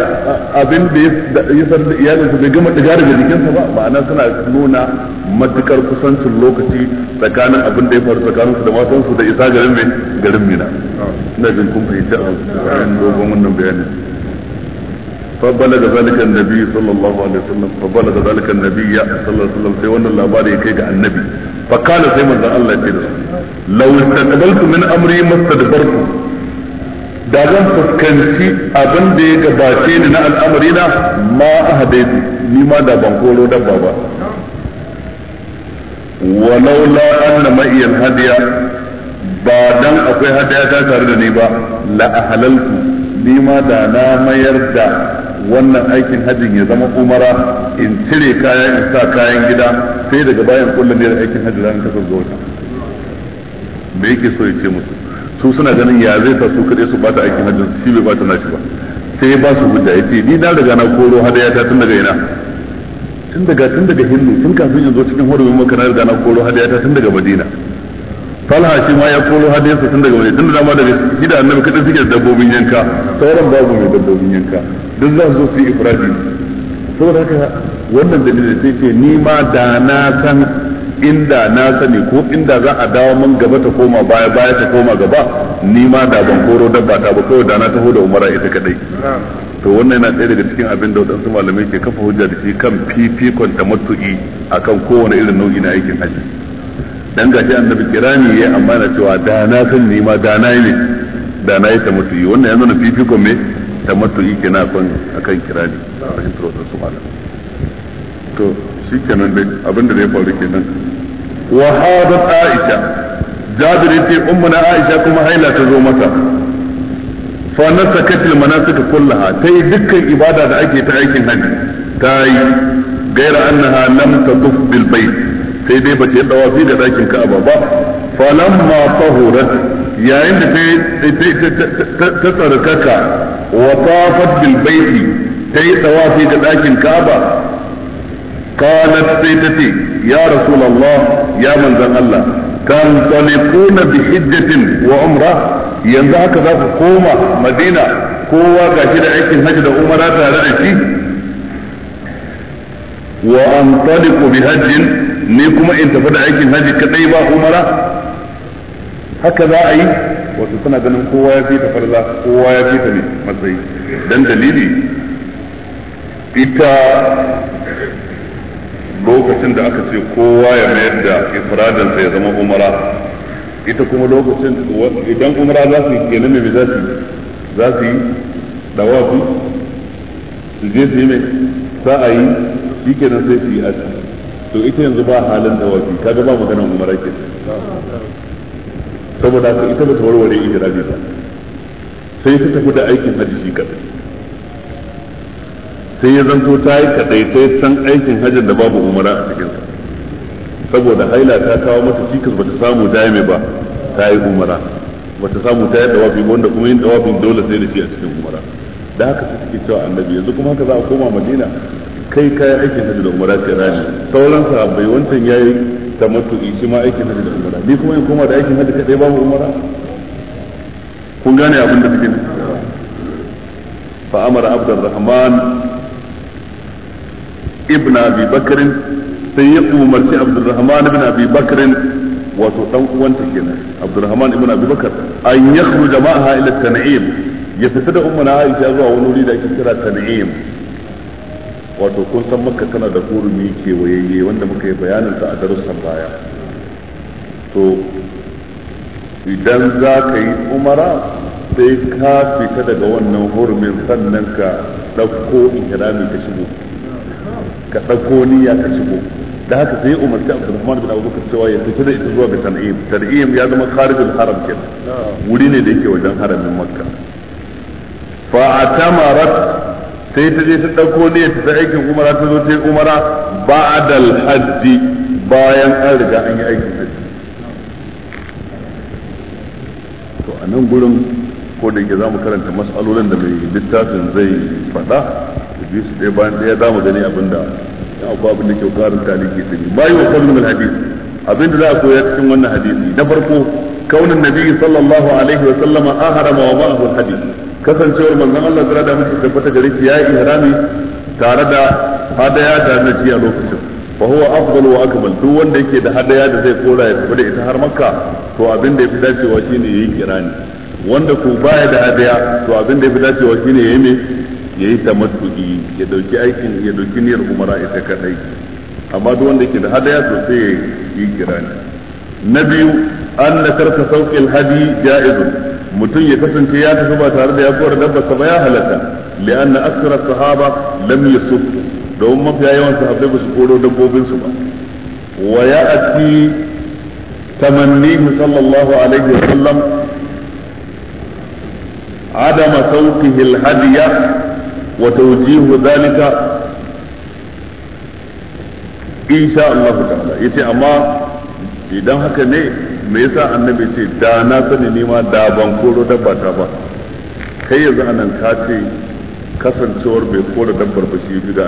abin ya san bai gama diga daga jikinsa ba ma'ana suna nuna matukar kusancin lokaci tsakanin abin da ya faru tsakanin su da matansu da isa garin mai garin mina jin kun a dogon wannan bayanin فبلغ ذلك النبي صلى الله عليه وسلم فبلغ ذلك النبي صلى الله عليه وسلم sai wannan labarin ya kai ga annabi fa kana sai manzon Allah ya ce law istaqbaltu min amri mastadbartu da zan fuskanci abin da ya gabace ni na al'amari na ma ahadaitu ni ma da ban koro dabba ba walaula anna ma'iyan hadiya ba dan akwai hadaya ta tare da ni ba la ahalaltu ni ma da na mayar da wannan aikin hajjin ya zama umara in cire kaya in sa kayan gida sai daga bayan kullum ne aikin hajji ranar kasar ga wata me yake so ya ce musu su suna ganin ya zai sa su kaɗai su bata aikin hajjin shi bai bata nashi ba sai ba su hujja ya ce ni na riga na koro hadaya ta tun daga ina tun daga tun daga hindu tun kafin yanzu cikin hurumin maka na riga na koro hadaya ta tun daga madina falha shi ma ya koro hadayarsa tun daga madina tun da dama daga shi da annabi kaɗai suke dabbobin yanka sauran babu mai dabbobin yanka duk za su zo su yi ifradi saboda haka wannan dalilin sai ce ni ma da na san inda na sani ko inda za a dawo mun gaba ta koma baya baya ta koma gaba ni ma da ban koro dabba ta ba kawai da na taho da umara ita kadai to wannan yana ɗaya daga cikin abin da waɗansu malamai ke kafa hujja da shi kan fifikon a akan kowane irin nau'i na aikin hajji dan gashi annabi kirani amma amana cewa da na san ni ma da na yi ne da na yi ta matu'i wannan yana nuna fifikon me tamattu'i kenan akan akan kirani fahimtar wasu su malam to shikenan dai abin da zai faru kenan wa hadat aisha jabir yace ummuna aisha kuma haila ta zo mata fa nasakat al manasik kullaha yi dukkan ibada da ake ta aikin ta yi gaira annaha lam tatuf bil bait sai dai bace dawafi da dakin ka'aba ba falamma tahurat yayin da ta tsarkaka wa tafat bil baiti ta yi tawafi da ɗakin kaba? qalat sai ta ce ya rasulullah ya manzon Allah kan taliquna bi hijjatin wa umra yanzu haka za ku koma madina kowa gashi da aikin hajji da umara tare da shi wa an taliqu bi hajjin ni kuma in tafi da aikin hajji kadai ba umara haka za a yi wato suna ganin kowa ya fita farla kowa ya fita ne matsayi dan dalili ita lokacin da aka ce kowa ya mayar da ifradansa ya zama umara ita kuma lokacin idan umara za su yi kenan mai za su yi za su yi dawafi su je su yi mai sa'a yi shi kenan sai su yi aski to ita yanzu ba halin dawafi kaga ba maganar umara kenan saboda haka ita ba ta warware ihrabi ba sai ta tafi da aikin hajji shi kadai sai ya zanto ta yi kadai ta san aikin hajjin da babu umara a cikin saboda haila ta kawo mata cikas ba ta samu jami ba ta yi umara ba ta samu ta yi dawafi wanda kuma yin dawafin dole sai da shi a cikin umara da haka su suke cewa annabi yanzu kuma haka za a koma madina kai kayan aikin hajji da umara ke rani sauran sahabbai wancan ya yi. tamattu'i shi ma aikin hajji da umara ni kuma in koma da aikin hajji kadai babu umara kun gane abin da suke fa amara rahman ibn abi bakr sai ya umarci rahman ibn abi bakr wato dan uwanta kenan rahman ibn abi bakr an yakhruja ma'aha ila tan'im ya fita da ummana aisha zuwa wani wuri da ake kira tan'im wato kun san makka tana da hurumi kewayayye wanda muka yi bayanin sa a darussan baya to idan za ka yi umara sai ka fita daga wannan hurumin sannan ka ɗauko ihrami ka shigo ka ɗauko niyya ka shigo da haka sai umarci kuma bin Abu Bakar cewa ya fita da ita zuwa ga Tan'im Tan'im ya zama kharijin haram ke wuri ne da yake wajen haramin Makka fa sai ta je ta ɗauko ne ta ta aikin umara ta zo ta yi umara dal hajji bayan an riga an yi aikin hajji to a nan gurin ko da yake zamu karanta mas'alolin da mai littafin zai faɗa da biyu su ɗaya bayan ɗaya za mu gani abinda ya akwai abin da ke karin taliki sun yi bayu wa kallon min hadisi abin da za a koya cikin wannan hadisi na farko kaunin nabi sallallahu alaihi wa sallama aharama wa ma'ahu hadisi kasancewar manzon Allah zira da mutum tabbata gare shi ya yi ihrami tare da hadaya da naci a lokacin fa huwa afdal wa akmal duk wanda yake da hadaya da zai kora ya tafi da ita har makka to abin da yafi dacewa shine yayi kirani wanda ko baya da hadaya to abin da yafi dacewa shine yayi me yayi tamattu'i ya dauki aikin ya dauki niyyar umara ita kadai amma duk wanda yake da hadaya to sai yayi kirani na biyu an na karka sauƙin hadi ja'izun mutum ya kasance ya tafi ba tare da ya kora dabbarsa ba ya halatta li'anna akthara sahaba lam yusuf domin mafiya yawan sahabbai ba su koro dabbobin su ba wa ya'ti tamannihi sallallahu alaihi wa sallam عدم سوقه الهدي وتوجيه ذلك إن شاء الله تعالى amma idan haka ne. me yasa annabi ce da na sani ni ma da ban koro dabba ta ba kai yanzu anan ka ce kasancewar bai koro dabbar ba shi fi da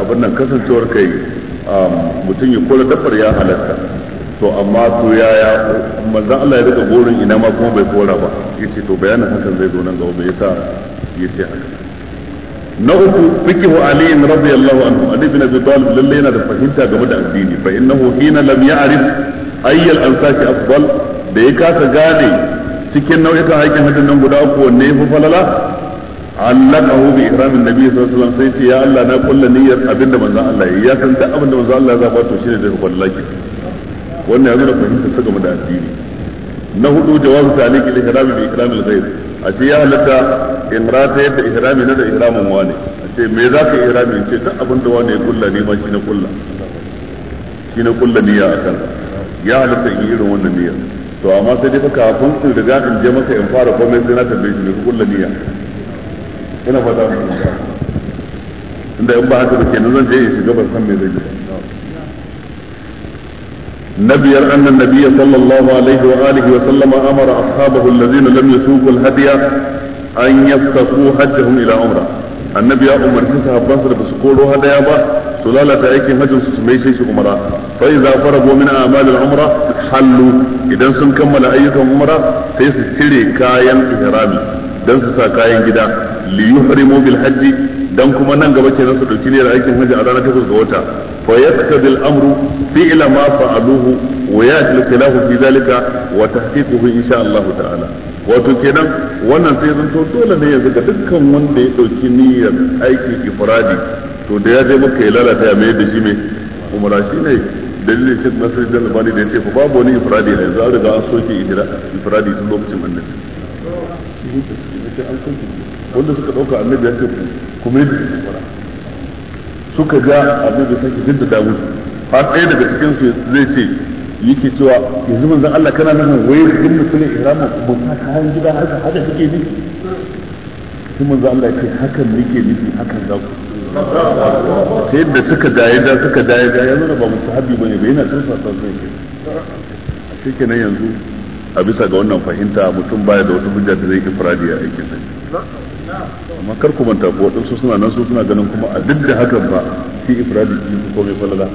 abin nan kasancewar kai um, mutum ya koro dabbar ya halatta to amma to yaya manzon Allah ya rika gorin ina ma kuma bai kora ba yace to bayanin hakan zai zo nan gaba me yasa yace haka na uku fikihu ali radiyallahu anhu ali bin abi talib lalle yana da fahimta game da addini fa innahu hina lam ya'rif ayyal ansashi afdal da ya kasa gane cikin nau'ikan aikin hajjin nan guda uku wanne ya fi falala allaqahu bi ihramin nabi sallallahu alaihi wasallam sai ce ya Allah na kulla niyyar abinda manzon Allah ya san duk abinda manzon Allah ya zaba to shine da wallahi wannan ya nuna fahimtar sa game da addini na hudu jawabu ta'liq al-ihram bi ikram al-ghayr a ce ya halatta in rata yadda ihrami na da ihramin wani a ce me za ka ihrami ce duk abin da wani ya kulla ni ma shi na kulla shi na kulla niyya a kansa ya halitta yi irin wannan niyyar to amma sai dai fa kafin su riga in je maka in fara komai sai na tambaye shi ku kullu niyya ina fata mu inda in ba haka ba kenan zan je in shiga ban san me zai yi نبي أن النبي صلى الله عليه وآله وسلم أمر أصحابه الذين لم يسوقوا الهدي أن يفتقوا حجهم إلى عمره annabi ya umarci sahabbansa da basu koro hadaya ba su lalata aikin hajjin su mai sai shi umara fa idza gomin min a'mal al-umra hallu idan sun kammala ayyukan umra sai su cire kayan ihrami dan su sa kayan gida li yuhrimu hajji dan kuma nan gaba kenan su dauki niyyar aikin hajji a ranar takwas ga wata fa yaqtadi al-amru fi'la ma fa'aluhu wa ya'ti al-khilafu fi dhalika wa tahqiquhu insha Allah ta'ala wato kenan wannan sai zan to ne yanzu ga dukkan wanda ya dauki niyyar aikin ifradi to da ya je maka ya lalata ya mai da shi mai umra shi ne dalilin na nasiru da Bani da ya ce fa babu wani ifradi ne za a riga an soke ifradi tun lokacin annabi wanda suka dauka annabi ya ce kuma yadda su fara suka ga annabi sai ki jinda dawo fa sai daga cikin su zai ce yake cewa yanzu zan Allah kana nan waye din mutum ihrama mun ta kayan gida har haka kike bi kuma zan Allah ya ce hakan nake nufi hakan za ku ta yadda suka daya da suka daya da ya nuna ba habi bane ba yana tursa sa zai ke a cikin nan yanzu a bisa ga wannan fahimta mutum baya da wata hujja da zai ki ifradi a aikin sa amma kar ku manta ko wadansu suna nan su suna ganin kuma a duk da hakan ba shi ifradi shi ko mai falala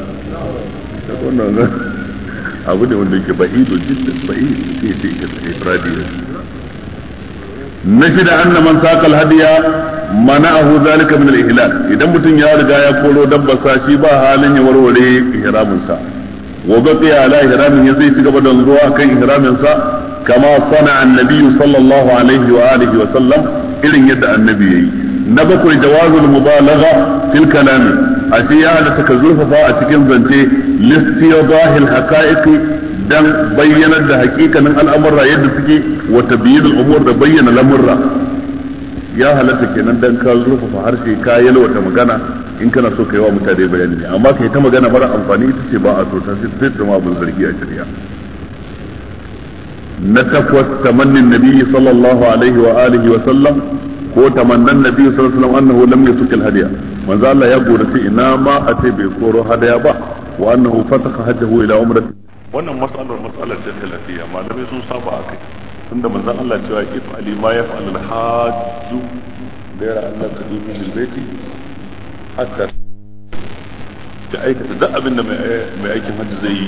wannan abu ne wanda yake ba'ido jiddan ba'ido sai sai ifradi نشد أن من ساق الهدي منعه ذلك من الإهلال إذا متن يارجع يقول دب ساشيبا حالا يورولي إهرام سا وبقي على إهرام يزيد قبل الرواء كي إهرام سا كما صنع النبي صلى الله عليه وآله وسلم إذن يدعى النبي نبقى جواز المبالغة في الكلام أشياء لتكزلفها أتكين زنتي لاستيضاح الحقائق dan bayyanar da hakikanin al'amurra yadda suke wa tabyinul umur da bayyana lamurra ya halatta kenan dan ka zurfafa harshe ka yalwata magana in kana so ka yi wa mutane bayani ne amma kai ta magana mara amfani ita ce ba a so ta sai ta zama abin zargi a shari'a na takwas tamannin nabi sallallahu alaihi wa alihi wa sallam ko tamannan nabi sallallahu alaihi wa sallam annahu lam yusukil hadiya manzo Allah ya gurace ina ma a ce bai koro hadaya ba wa annahu fataha hajjahu ila umrati wannan matsalar matsalar ce ta lafiya, malamai sun saba a kai tunda manzon Allah cewa if ali ma fa'al al-hajju gaira Allah kadimi lil baiti hatta da aikata duk abin da mai aikin hajji zai yi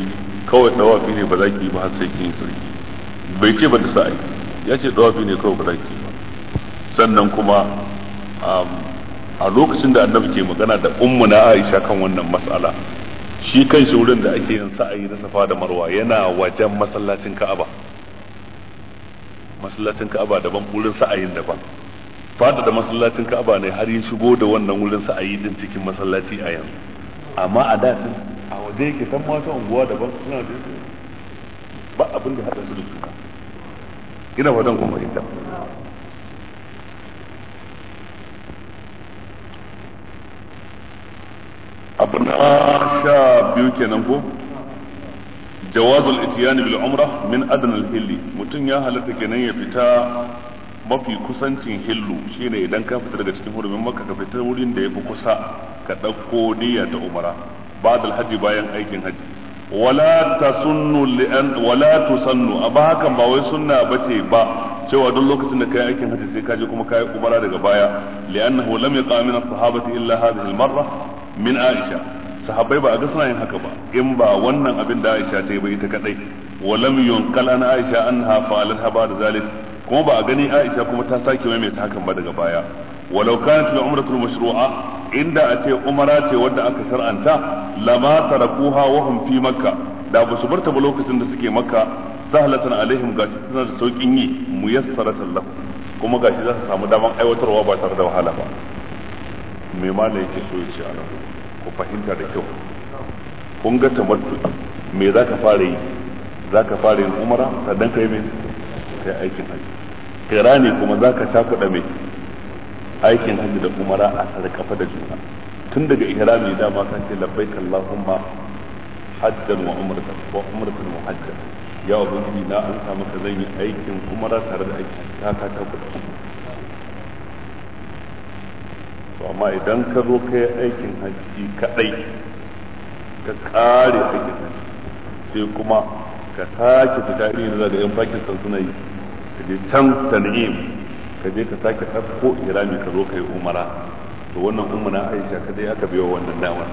kawai dawafi ne ba za ki yi ba har sai kin sarki bai ce ba da sa'i ya ce dawafi ne kawai ba za ki yi ba sannan kuma a lokacin da annabi ke magana da ummu na Aisha kan wannan mas'ala shi kan shi wurin da ake yin sa'ayi na safa da marwa yana wajen masallacin ka'aba masallacin ka'aba daban wurin sa'ayin daban fada da masallacin ka'aba ne har yin shigo da wannan wurin sa'ayi din cikin masallaci a yanzu amma a da tun a waje yake san mata unguwa daban suna da ba abin da haɗa su da suka ina wadan kuma hidda abu na ah, sha biyu kenan ko jawazul itiyani bil umra min adna al hilli mutum ya halatta kenan ya fita mafi kusancin hillu shine idan ka fita daga cikin hurumin makka ka fita wurin da yafi kusa ka dauko niyya ta umra ba'd al hajji bayan aikin hajji wala tasunnu li an wala tusannu aba hakan ba wai sunna bace ba cewa duk lokacin da kai aikin hajji sai ka je kuma kai umara daga baya li'annahu lam yaqa min as-sahabati illa hadhihi al-marra min aisha sahabbai ba a ga suna yin haka ba in ba wannan abin da aisha ta yi ba ita kadai walam yunqal an aisha anha fa'alat haba da zalik kuma ba a gani aisha kuma ta sake mai ta hakan ba daga baya walau kanat al umratul mashru'a inda a ce umara ce wadda aka shar'anta lama tarakuha wa hum fi makkah da ba su barta ba lokacin da suke makka sahlatan alaihim shi suna da saukin yi muyassaratan lahum kuma gashi za su samu daman aiwatarwa ba tare da wahala ba Mai mala yake so ya ce a nan ku fahimta da kyau kun ga tamattu me za ka fara yi za ka fara yin umara sannan ka yi mai kai aikin haji kira ne kuma za ka kuɗa mai aikin haji da umara a sarƙafa da juna tun daga ihrami ma kan ce labbaik allahumma hajjan wa umratan wa umratan wa hajjan ya ubangiji na an samu ka zan yi aikin umara tare da aikin ta ta kuɗa to amma idan ka zo kai aikin hajji kadai ka kare aikin hajji sai kuma ka sake fita irin da ga yan Pakistan suna yi ka je can tan'im ka je ka sake ɗauko irami ka zo kai umara to wannan umma Aisha kadai aka biyo wannan damar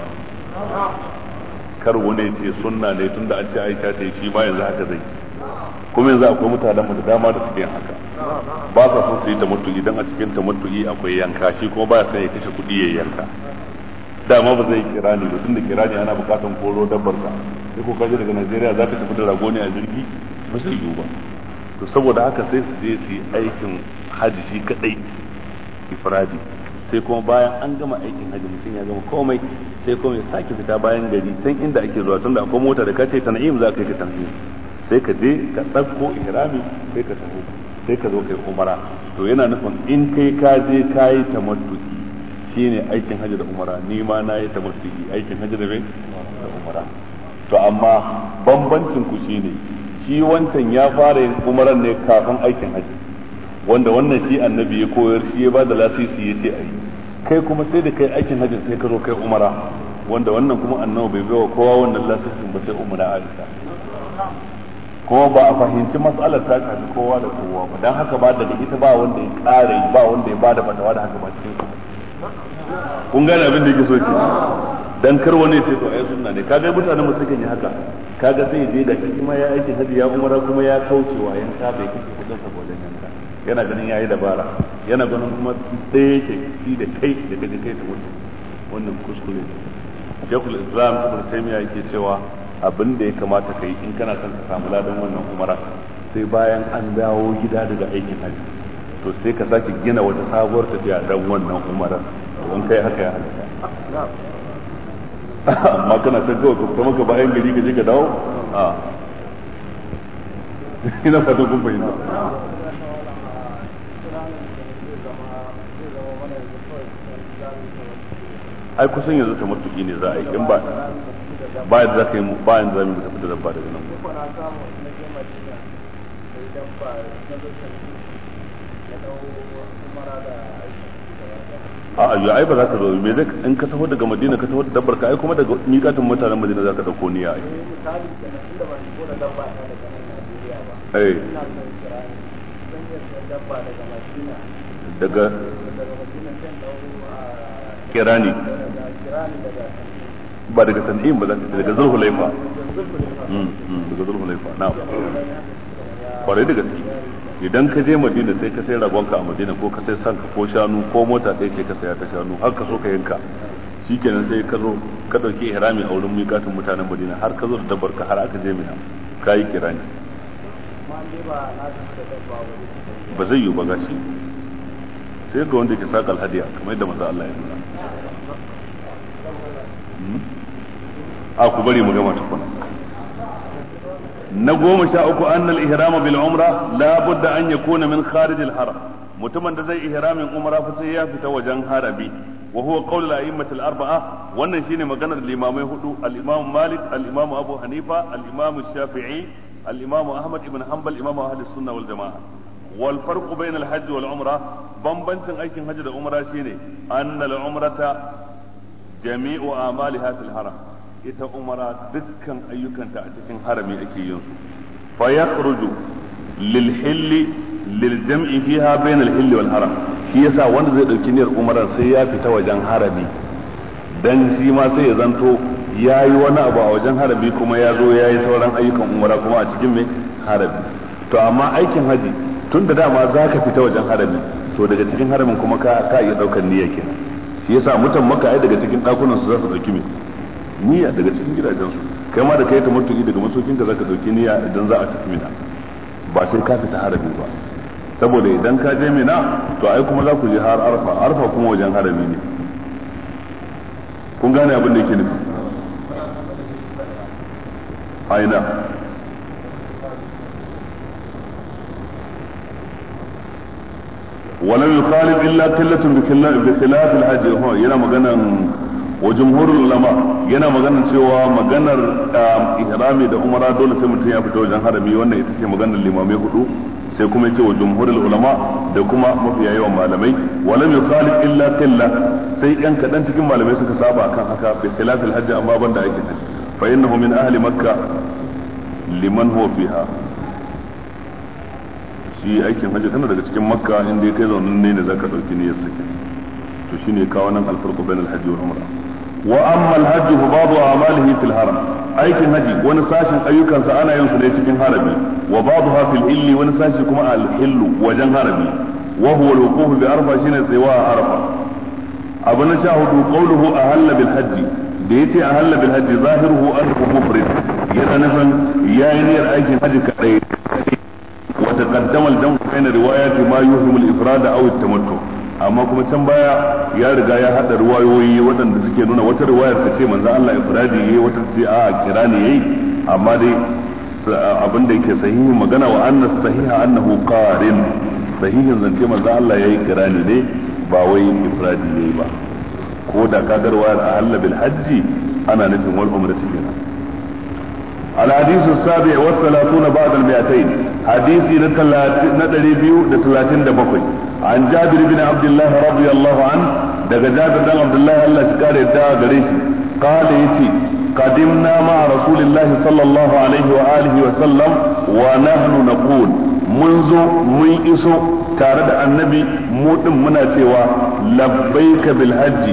kar wani ce sunna ne tunda an ce Aisha ta yi shi ba yanzu haka zai yi. kuma yanzu akwai mutanen da dama da suke haka ba sa son su yi ta mutu idan a cikin ta tamattu'i akwai yanka shi kuma ba sai ya kashe kuɗi ya yanka dama ba zai kira ni ba tunda kira ni ana bukatan koro dabbar ka sai ko kaje daga Najeriya za ka tafi da rago ne a jirgi ba zai yiwu ba to saboda haka sai su je su yi aikin haji shi kadai ifradi sai kuma bayan an gama aikin haji mutum ya gama komai sai kuma ya sake fita bayan gari can inda ake zuwa tunda akwai mota da kace tana'im za ka yi ta tan'im sai ka je ka ɗauko ihrami sai ka taho sai ka zo kai umara to yana nufin in kai ka je ka yi tamattuki shine aikin hajji da umara ni ma na yi tamattuki aikin hajji da da umara to amma bambancin ku shine shi wancan ya fara yin umaran ne kafin aikin hajji wanda wannan shi annabi ya koyar shi ya bada lasisi ya ce ayi kai kuma sai da kai aikin hajji sai ka zo kai umara wanda wannan kuma annabi bai bai wa kowa wannan lasisin ba sai umara Aisha ko ba a fahimci matsalar ta shafi kowa da kowa ba don haka ba da ita ba wanda ya kare ba wanda ya bada fatawa da haka ba cikin kun abin da yake so ce dan kar wani ce to ai sunna ne kaga mutane mu kan yi haka kaga sai je da shi ma ya aiki hadi ya umara kuma ya kaucewa yanka bai kace kudin saboda yanka yana ganin yayi dabara yana ganin kuma tsaye ke shi da kai da daga kai ta wannan kuskure Shekul Islam Ibn Taymiyyah yake cewa abin da ya kamata ka yi in kana son ka samu ladan wannan umara sai bayan an dawo gida daga aikin hajji to sai ka sake gina wata sabuwar tafiya dan wannan umara don kai haka ya halatta amma kana ta kawai ka kuma ka bayan gari ka je ka dawo a ina fatan kun fahimta ai kusan yanzu ta mutuki ne za a yi in ba ba yadda zaka yi ba yadda zamu tafi da dabba daga nan ba a yo ai ba za ka zo me zai in ka taho daga Madina ka taho da dabbar ka ai kuma daga miƙatin mutanen Madina za ka dauko niyya ai eh daga eh. kirani ba daga tan'im ba za ka ce daga zulhulaifa hmm, hmm, daga zulhulaifa na kwarai da gaske idan ka je madina sai ka sai ragonka a madina ko ka sai sanka ko shanu ko mota ɗaya ce ka saya ta shanu har ka so ka yanka shikenan sai ka zo ka ɗauki ihrami a wurin miƙatin mutanen madina har ka zo da dabbar ka har aka je mina ka yi kirani ba zai yi ba gashi sai ga wanda ke saƙa alhadiya kamar yadda maza Allah ya nuna hmm? a ku bari mu gama tukuna na goma sha uku annal ihrama bil umra la budda an yakuna min kharij al haram mutumin da zai ihramin umra fa sai ya fita wajen harabi wa huwa qawl al a'immat al arba'a wannan shine maganar limamai hudu al imam malik al imam abu hanifa al imam shafi'i al imam ahmad ibn hanbal imam ahli sunna wal jamaa wal farq bayna al hajj wal umra bambancin aikin hajji da umra shine annal umrata jami'u amaliha fil haram ita umara dukkan ayyukanta a cikin harami ake yin su fa yakhruju lil hill lil jam'i fiha bain al hill wal haram shi yasa wanda zai dauki niyyar umara sai ya fita wajen harami dan shi ma sai ya zanto ya wani abu a wajen harami kuma ya zo ya sauran ayyukan umara kuma a cikin mai harami to amma aikin haji tun da dama za ka fita wajen harami to daga cikin haramin kuma ka iya daukar niyya kenan shi yasa mutan maka ai daga cikin dakunan su za su dauki mai niyya daga cikin gidajensu kai ma da kai ta matuƙi daga masokin ka zaka dauki niyya idan za a tafi mina ba sai ka fita harabi ba saboda idan ka je mina to ai kuma za ku je har arfa arfa kuma wajen harabi ne kun gane abin da yake nufi aina ولم يخالف الا قله بخلاف الحج هو yana maganan wajen jumhurul ulama yana magana cewa maganar um, ihrami da umara dole sai mutum ya fita wajen harami wannan ita ce maganar limamai hudu sai kuma ce wajen jumhurul ulama da kuma mafiya yawan malamai walam yukhalif illa qilla sai yan kaɗan cikin malamai suka saba kan haka bi khilafil hajji amma ban banda ake nan fa innahu min ahli makka liman huwa fiha shi aikin hajji tana daga cikin makka inda kai zaunin ne ne zaka dauki niyyar sake to shine kawo nan alfarqu bainal hajji wal umrah واما الهج فبعض اعماله في الهرم اي كنجي وانا ساشن ايوكا سانا ينسل يشكين هرمي وبعضها في الهل وانا ساشن كما الهل وجن هرمي وهو الوقوف بأربع شنة سواء أربع أبنى شاهد قوله أهل بالحج بيتي أهل بالحج ظاهره أنه مفرد يتنفن يا ينير أي حج كريم وتقدم الجمع بين روايات ما يهم الإفراد أو التمتع amma kuma can baya ya riga ya hada ruwayoyi waɗanda suke nuna wata ruwayar ta ce manzo Allah ifradi yayi wata ce a kira ne yayi amma dai abin da yake sahihi magana wa anna sahiha annahu qarin sahihin zance manzo Allah yayi kira ne ba wai ifradi ne ba ko da kagarwa a Allah bil hajji ana nufin wal umrati kenan الحديث السابع والثلاثون بعد المئتين حديث ندري بيو دتلاتين دبقي عن جابر بن عبد الله رضي الله عنه daga jabir dan abdullahi Allah shi kare da gare shi qala yace qadimna ma rasulillah sallallahu alaihi wa alihi wa sallam wa nahnu naqul mun zo mun iso tare da annabi mu muna cewa labbaika bil hajji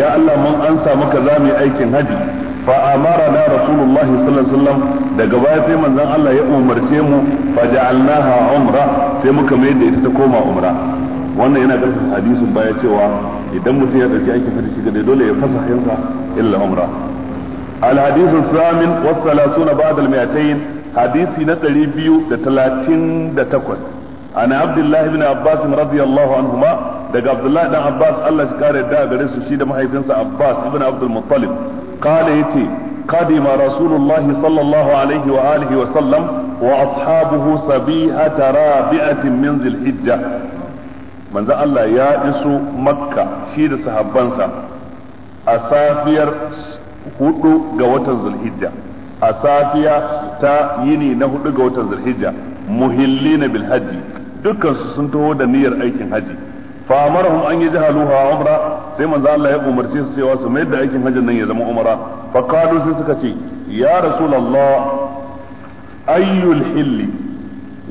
ya mun ansa maka aikin haji fa amara na rasulullah sallallahu alaihi wasallam daga baya sai manzon Allah ya umarce mu fa ja'alnaha umra sai muka mai da ita ta koma umra wannan yana karfin hadisin baya cewa idan mutum ya dauki aikin hajji shi dole ya fasa hansa illa umra al hadithu thamin wa 30 ba'da al 200 hadisi na 238 ana abdullahi ibn abbas radiyallahu anhuma daga abdullahi dan abbas Allah shi kare da gare su shi da mahaifinsa abbas ibn abdul muttalib قال يتي قدم رسول الله wa ashabuhu عليه وآله وسلم وأصحابه سبيعة رابعة من ذي الحجة من ذا الله يا إسو مكة شيد صحبانسا أسافير hudu ga watan zulhijja a safiya ta yini na hudu ga watan zulhijja muhillina bil hajji dukkan su sun taho da niyyar aikin haji fa amarahum an yajhaluha umra sai manzo Allah ya umarce su cewa su mayar da aikin hajjin nan ya zama umra fa qalu sai suka ce ya rasulullah ayyul hilli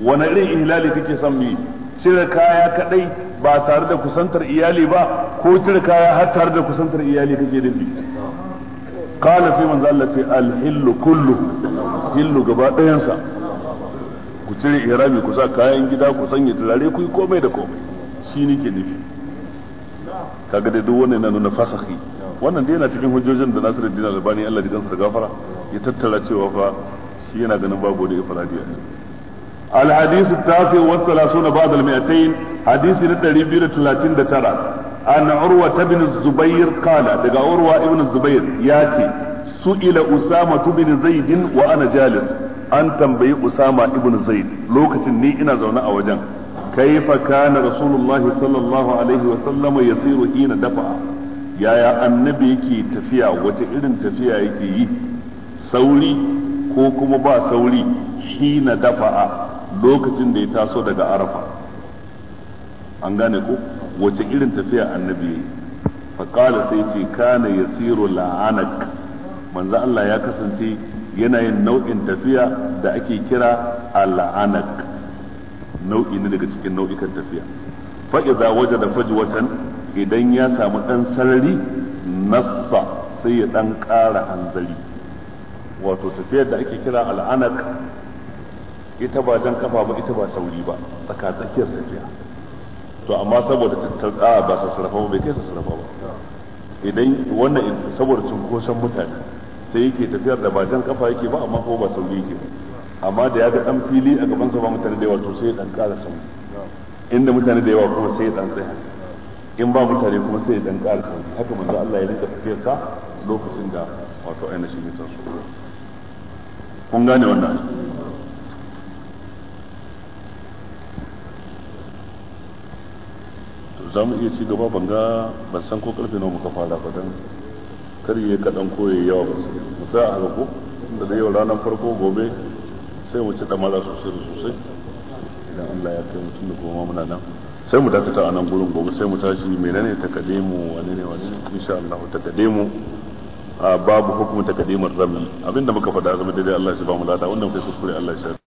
wani irin ihlali kake son mi cire kaya kadai ba tare da kusantar iyali ba ko cire kaya har tare da kusantar iyali kake nufi qala sai manzo Allah ce al hillu kullu hillu gaba ku cire ihrami ku sa kayan gida ku sanya turare ku komai da komai shi ke nufi kaga dai duk wannan yana nuna fasahi wannan dai yana cikin hujjojin da Nasiruddin Albani Allah ya kansa gafara ya tattara cewa fa shi yana ganin babu wani ifradi a الحديث التاسع والثلاثون بعد المئتين حديث ندري بير تلاتين دترا عن عروة بن الزبير قال دقا عروة بن الزبير Usama سئل أسامة wa ana Jalis an tambayi Usama Ibn Zaid lokacin لوكة ina zaune a wajen. kaifa kana rasulullahi sallallahu alaihi wa sallam yasiru ina dafa yaya annabi yake tafiya wace irin tafiya yake yi sauri ko kuma ba sauri hina dafa lokacin da ya taso daga arafa an gane ko wace irin tafiya annabi yi sai ce kana yasiru la'anak manzo Allah ya kasance yana yin nau'in tafiya da ake kira al'anak nau'i ne daga cikin nau'ikan tafiya fa idza wajada fajwatan idan ya samu dan sarari nassa sai ya dan ƙara hanzari wato tafiyar da ake kira al'anak ita ba jan kafa ba ita ba sauri ba tsaka tsakiyar tafiya to amma saboda tattalta ba sassarafa ba bai kai sassarafa ba idan wannan saboda cunkoson mutane sai yake tafiyar da ba jan kafa yake ba amma ko ba sauri yake ba amma da ya ga dan fili a gaban sa ba mutane da yawa to sai dan ƙara sauri inda mutane da yawa kuma sai dan tsaya in ba mutane kuma sai dan ƙara sauri haka manzo Allah ya rinka tafiyar sa lokacin da wato ainihin ne tsaro kun gane wannan za mu iya ci gaba ban ban san ko karfe nawa muka fara ba dan kar ya kadan koyi yawa ba sai mu a haka ko da yau ranar farko gobe sai mu ci damara sosai sosai idan Allah ya kai mutum da goma muna nan sai mu dakata a nan gurin gobe sai mu tashi menene mu wani ne wani insha Allah takadimu ah, babu hukumu mu rami abinda muka faɗa zama daidai Allah shi ba mu lada wanda muka kuskure Allah shi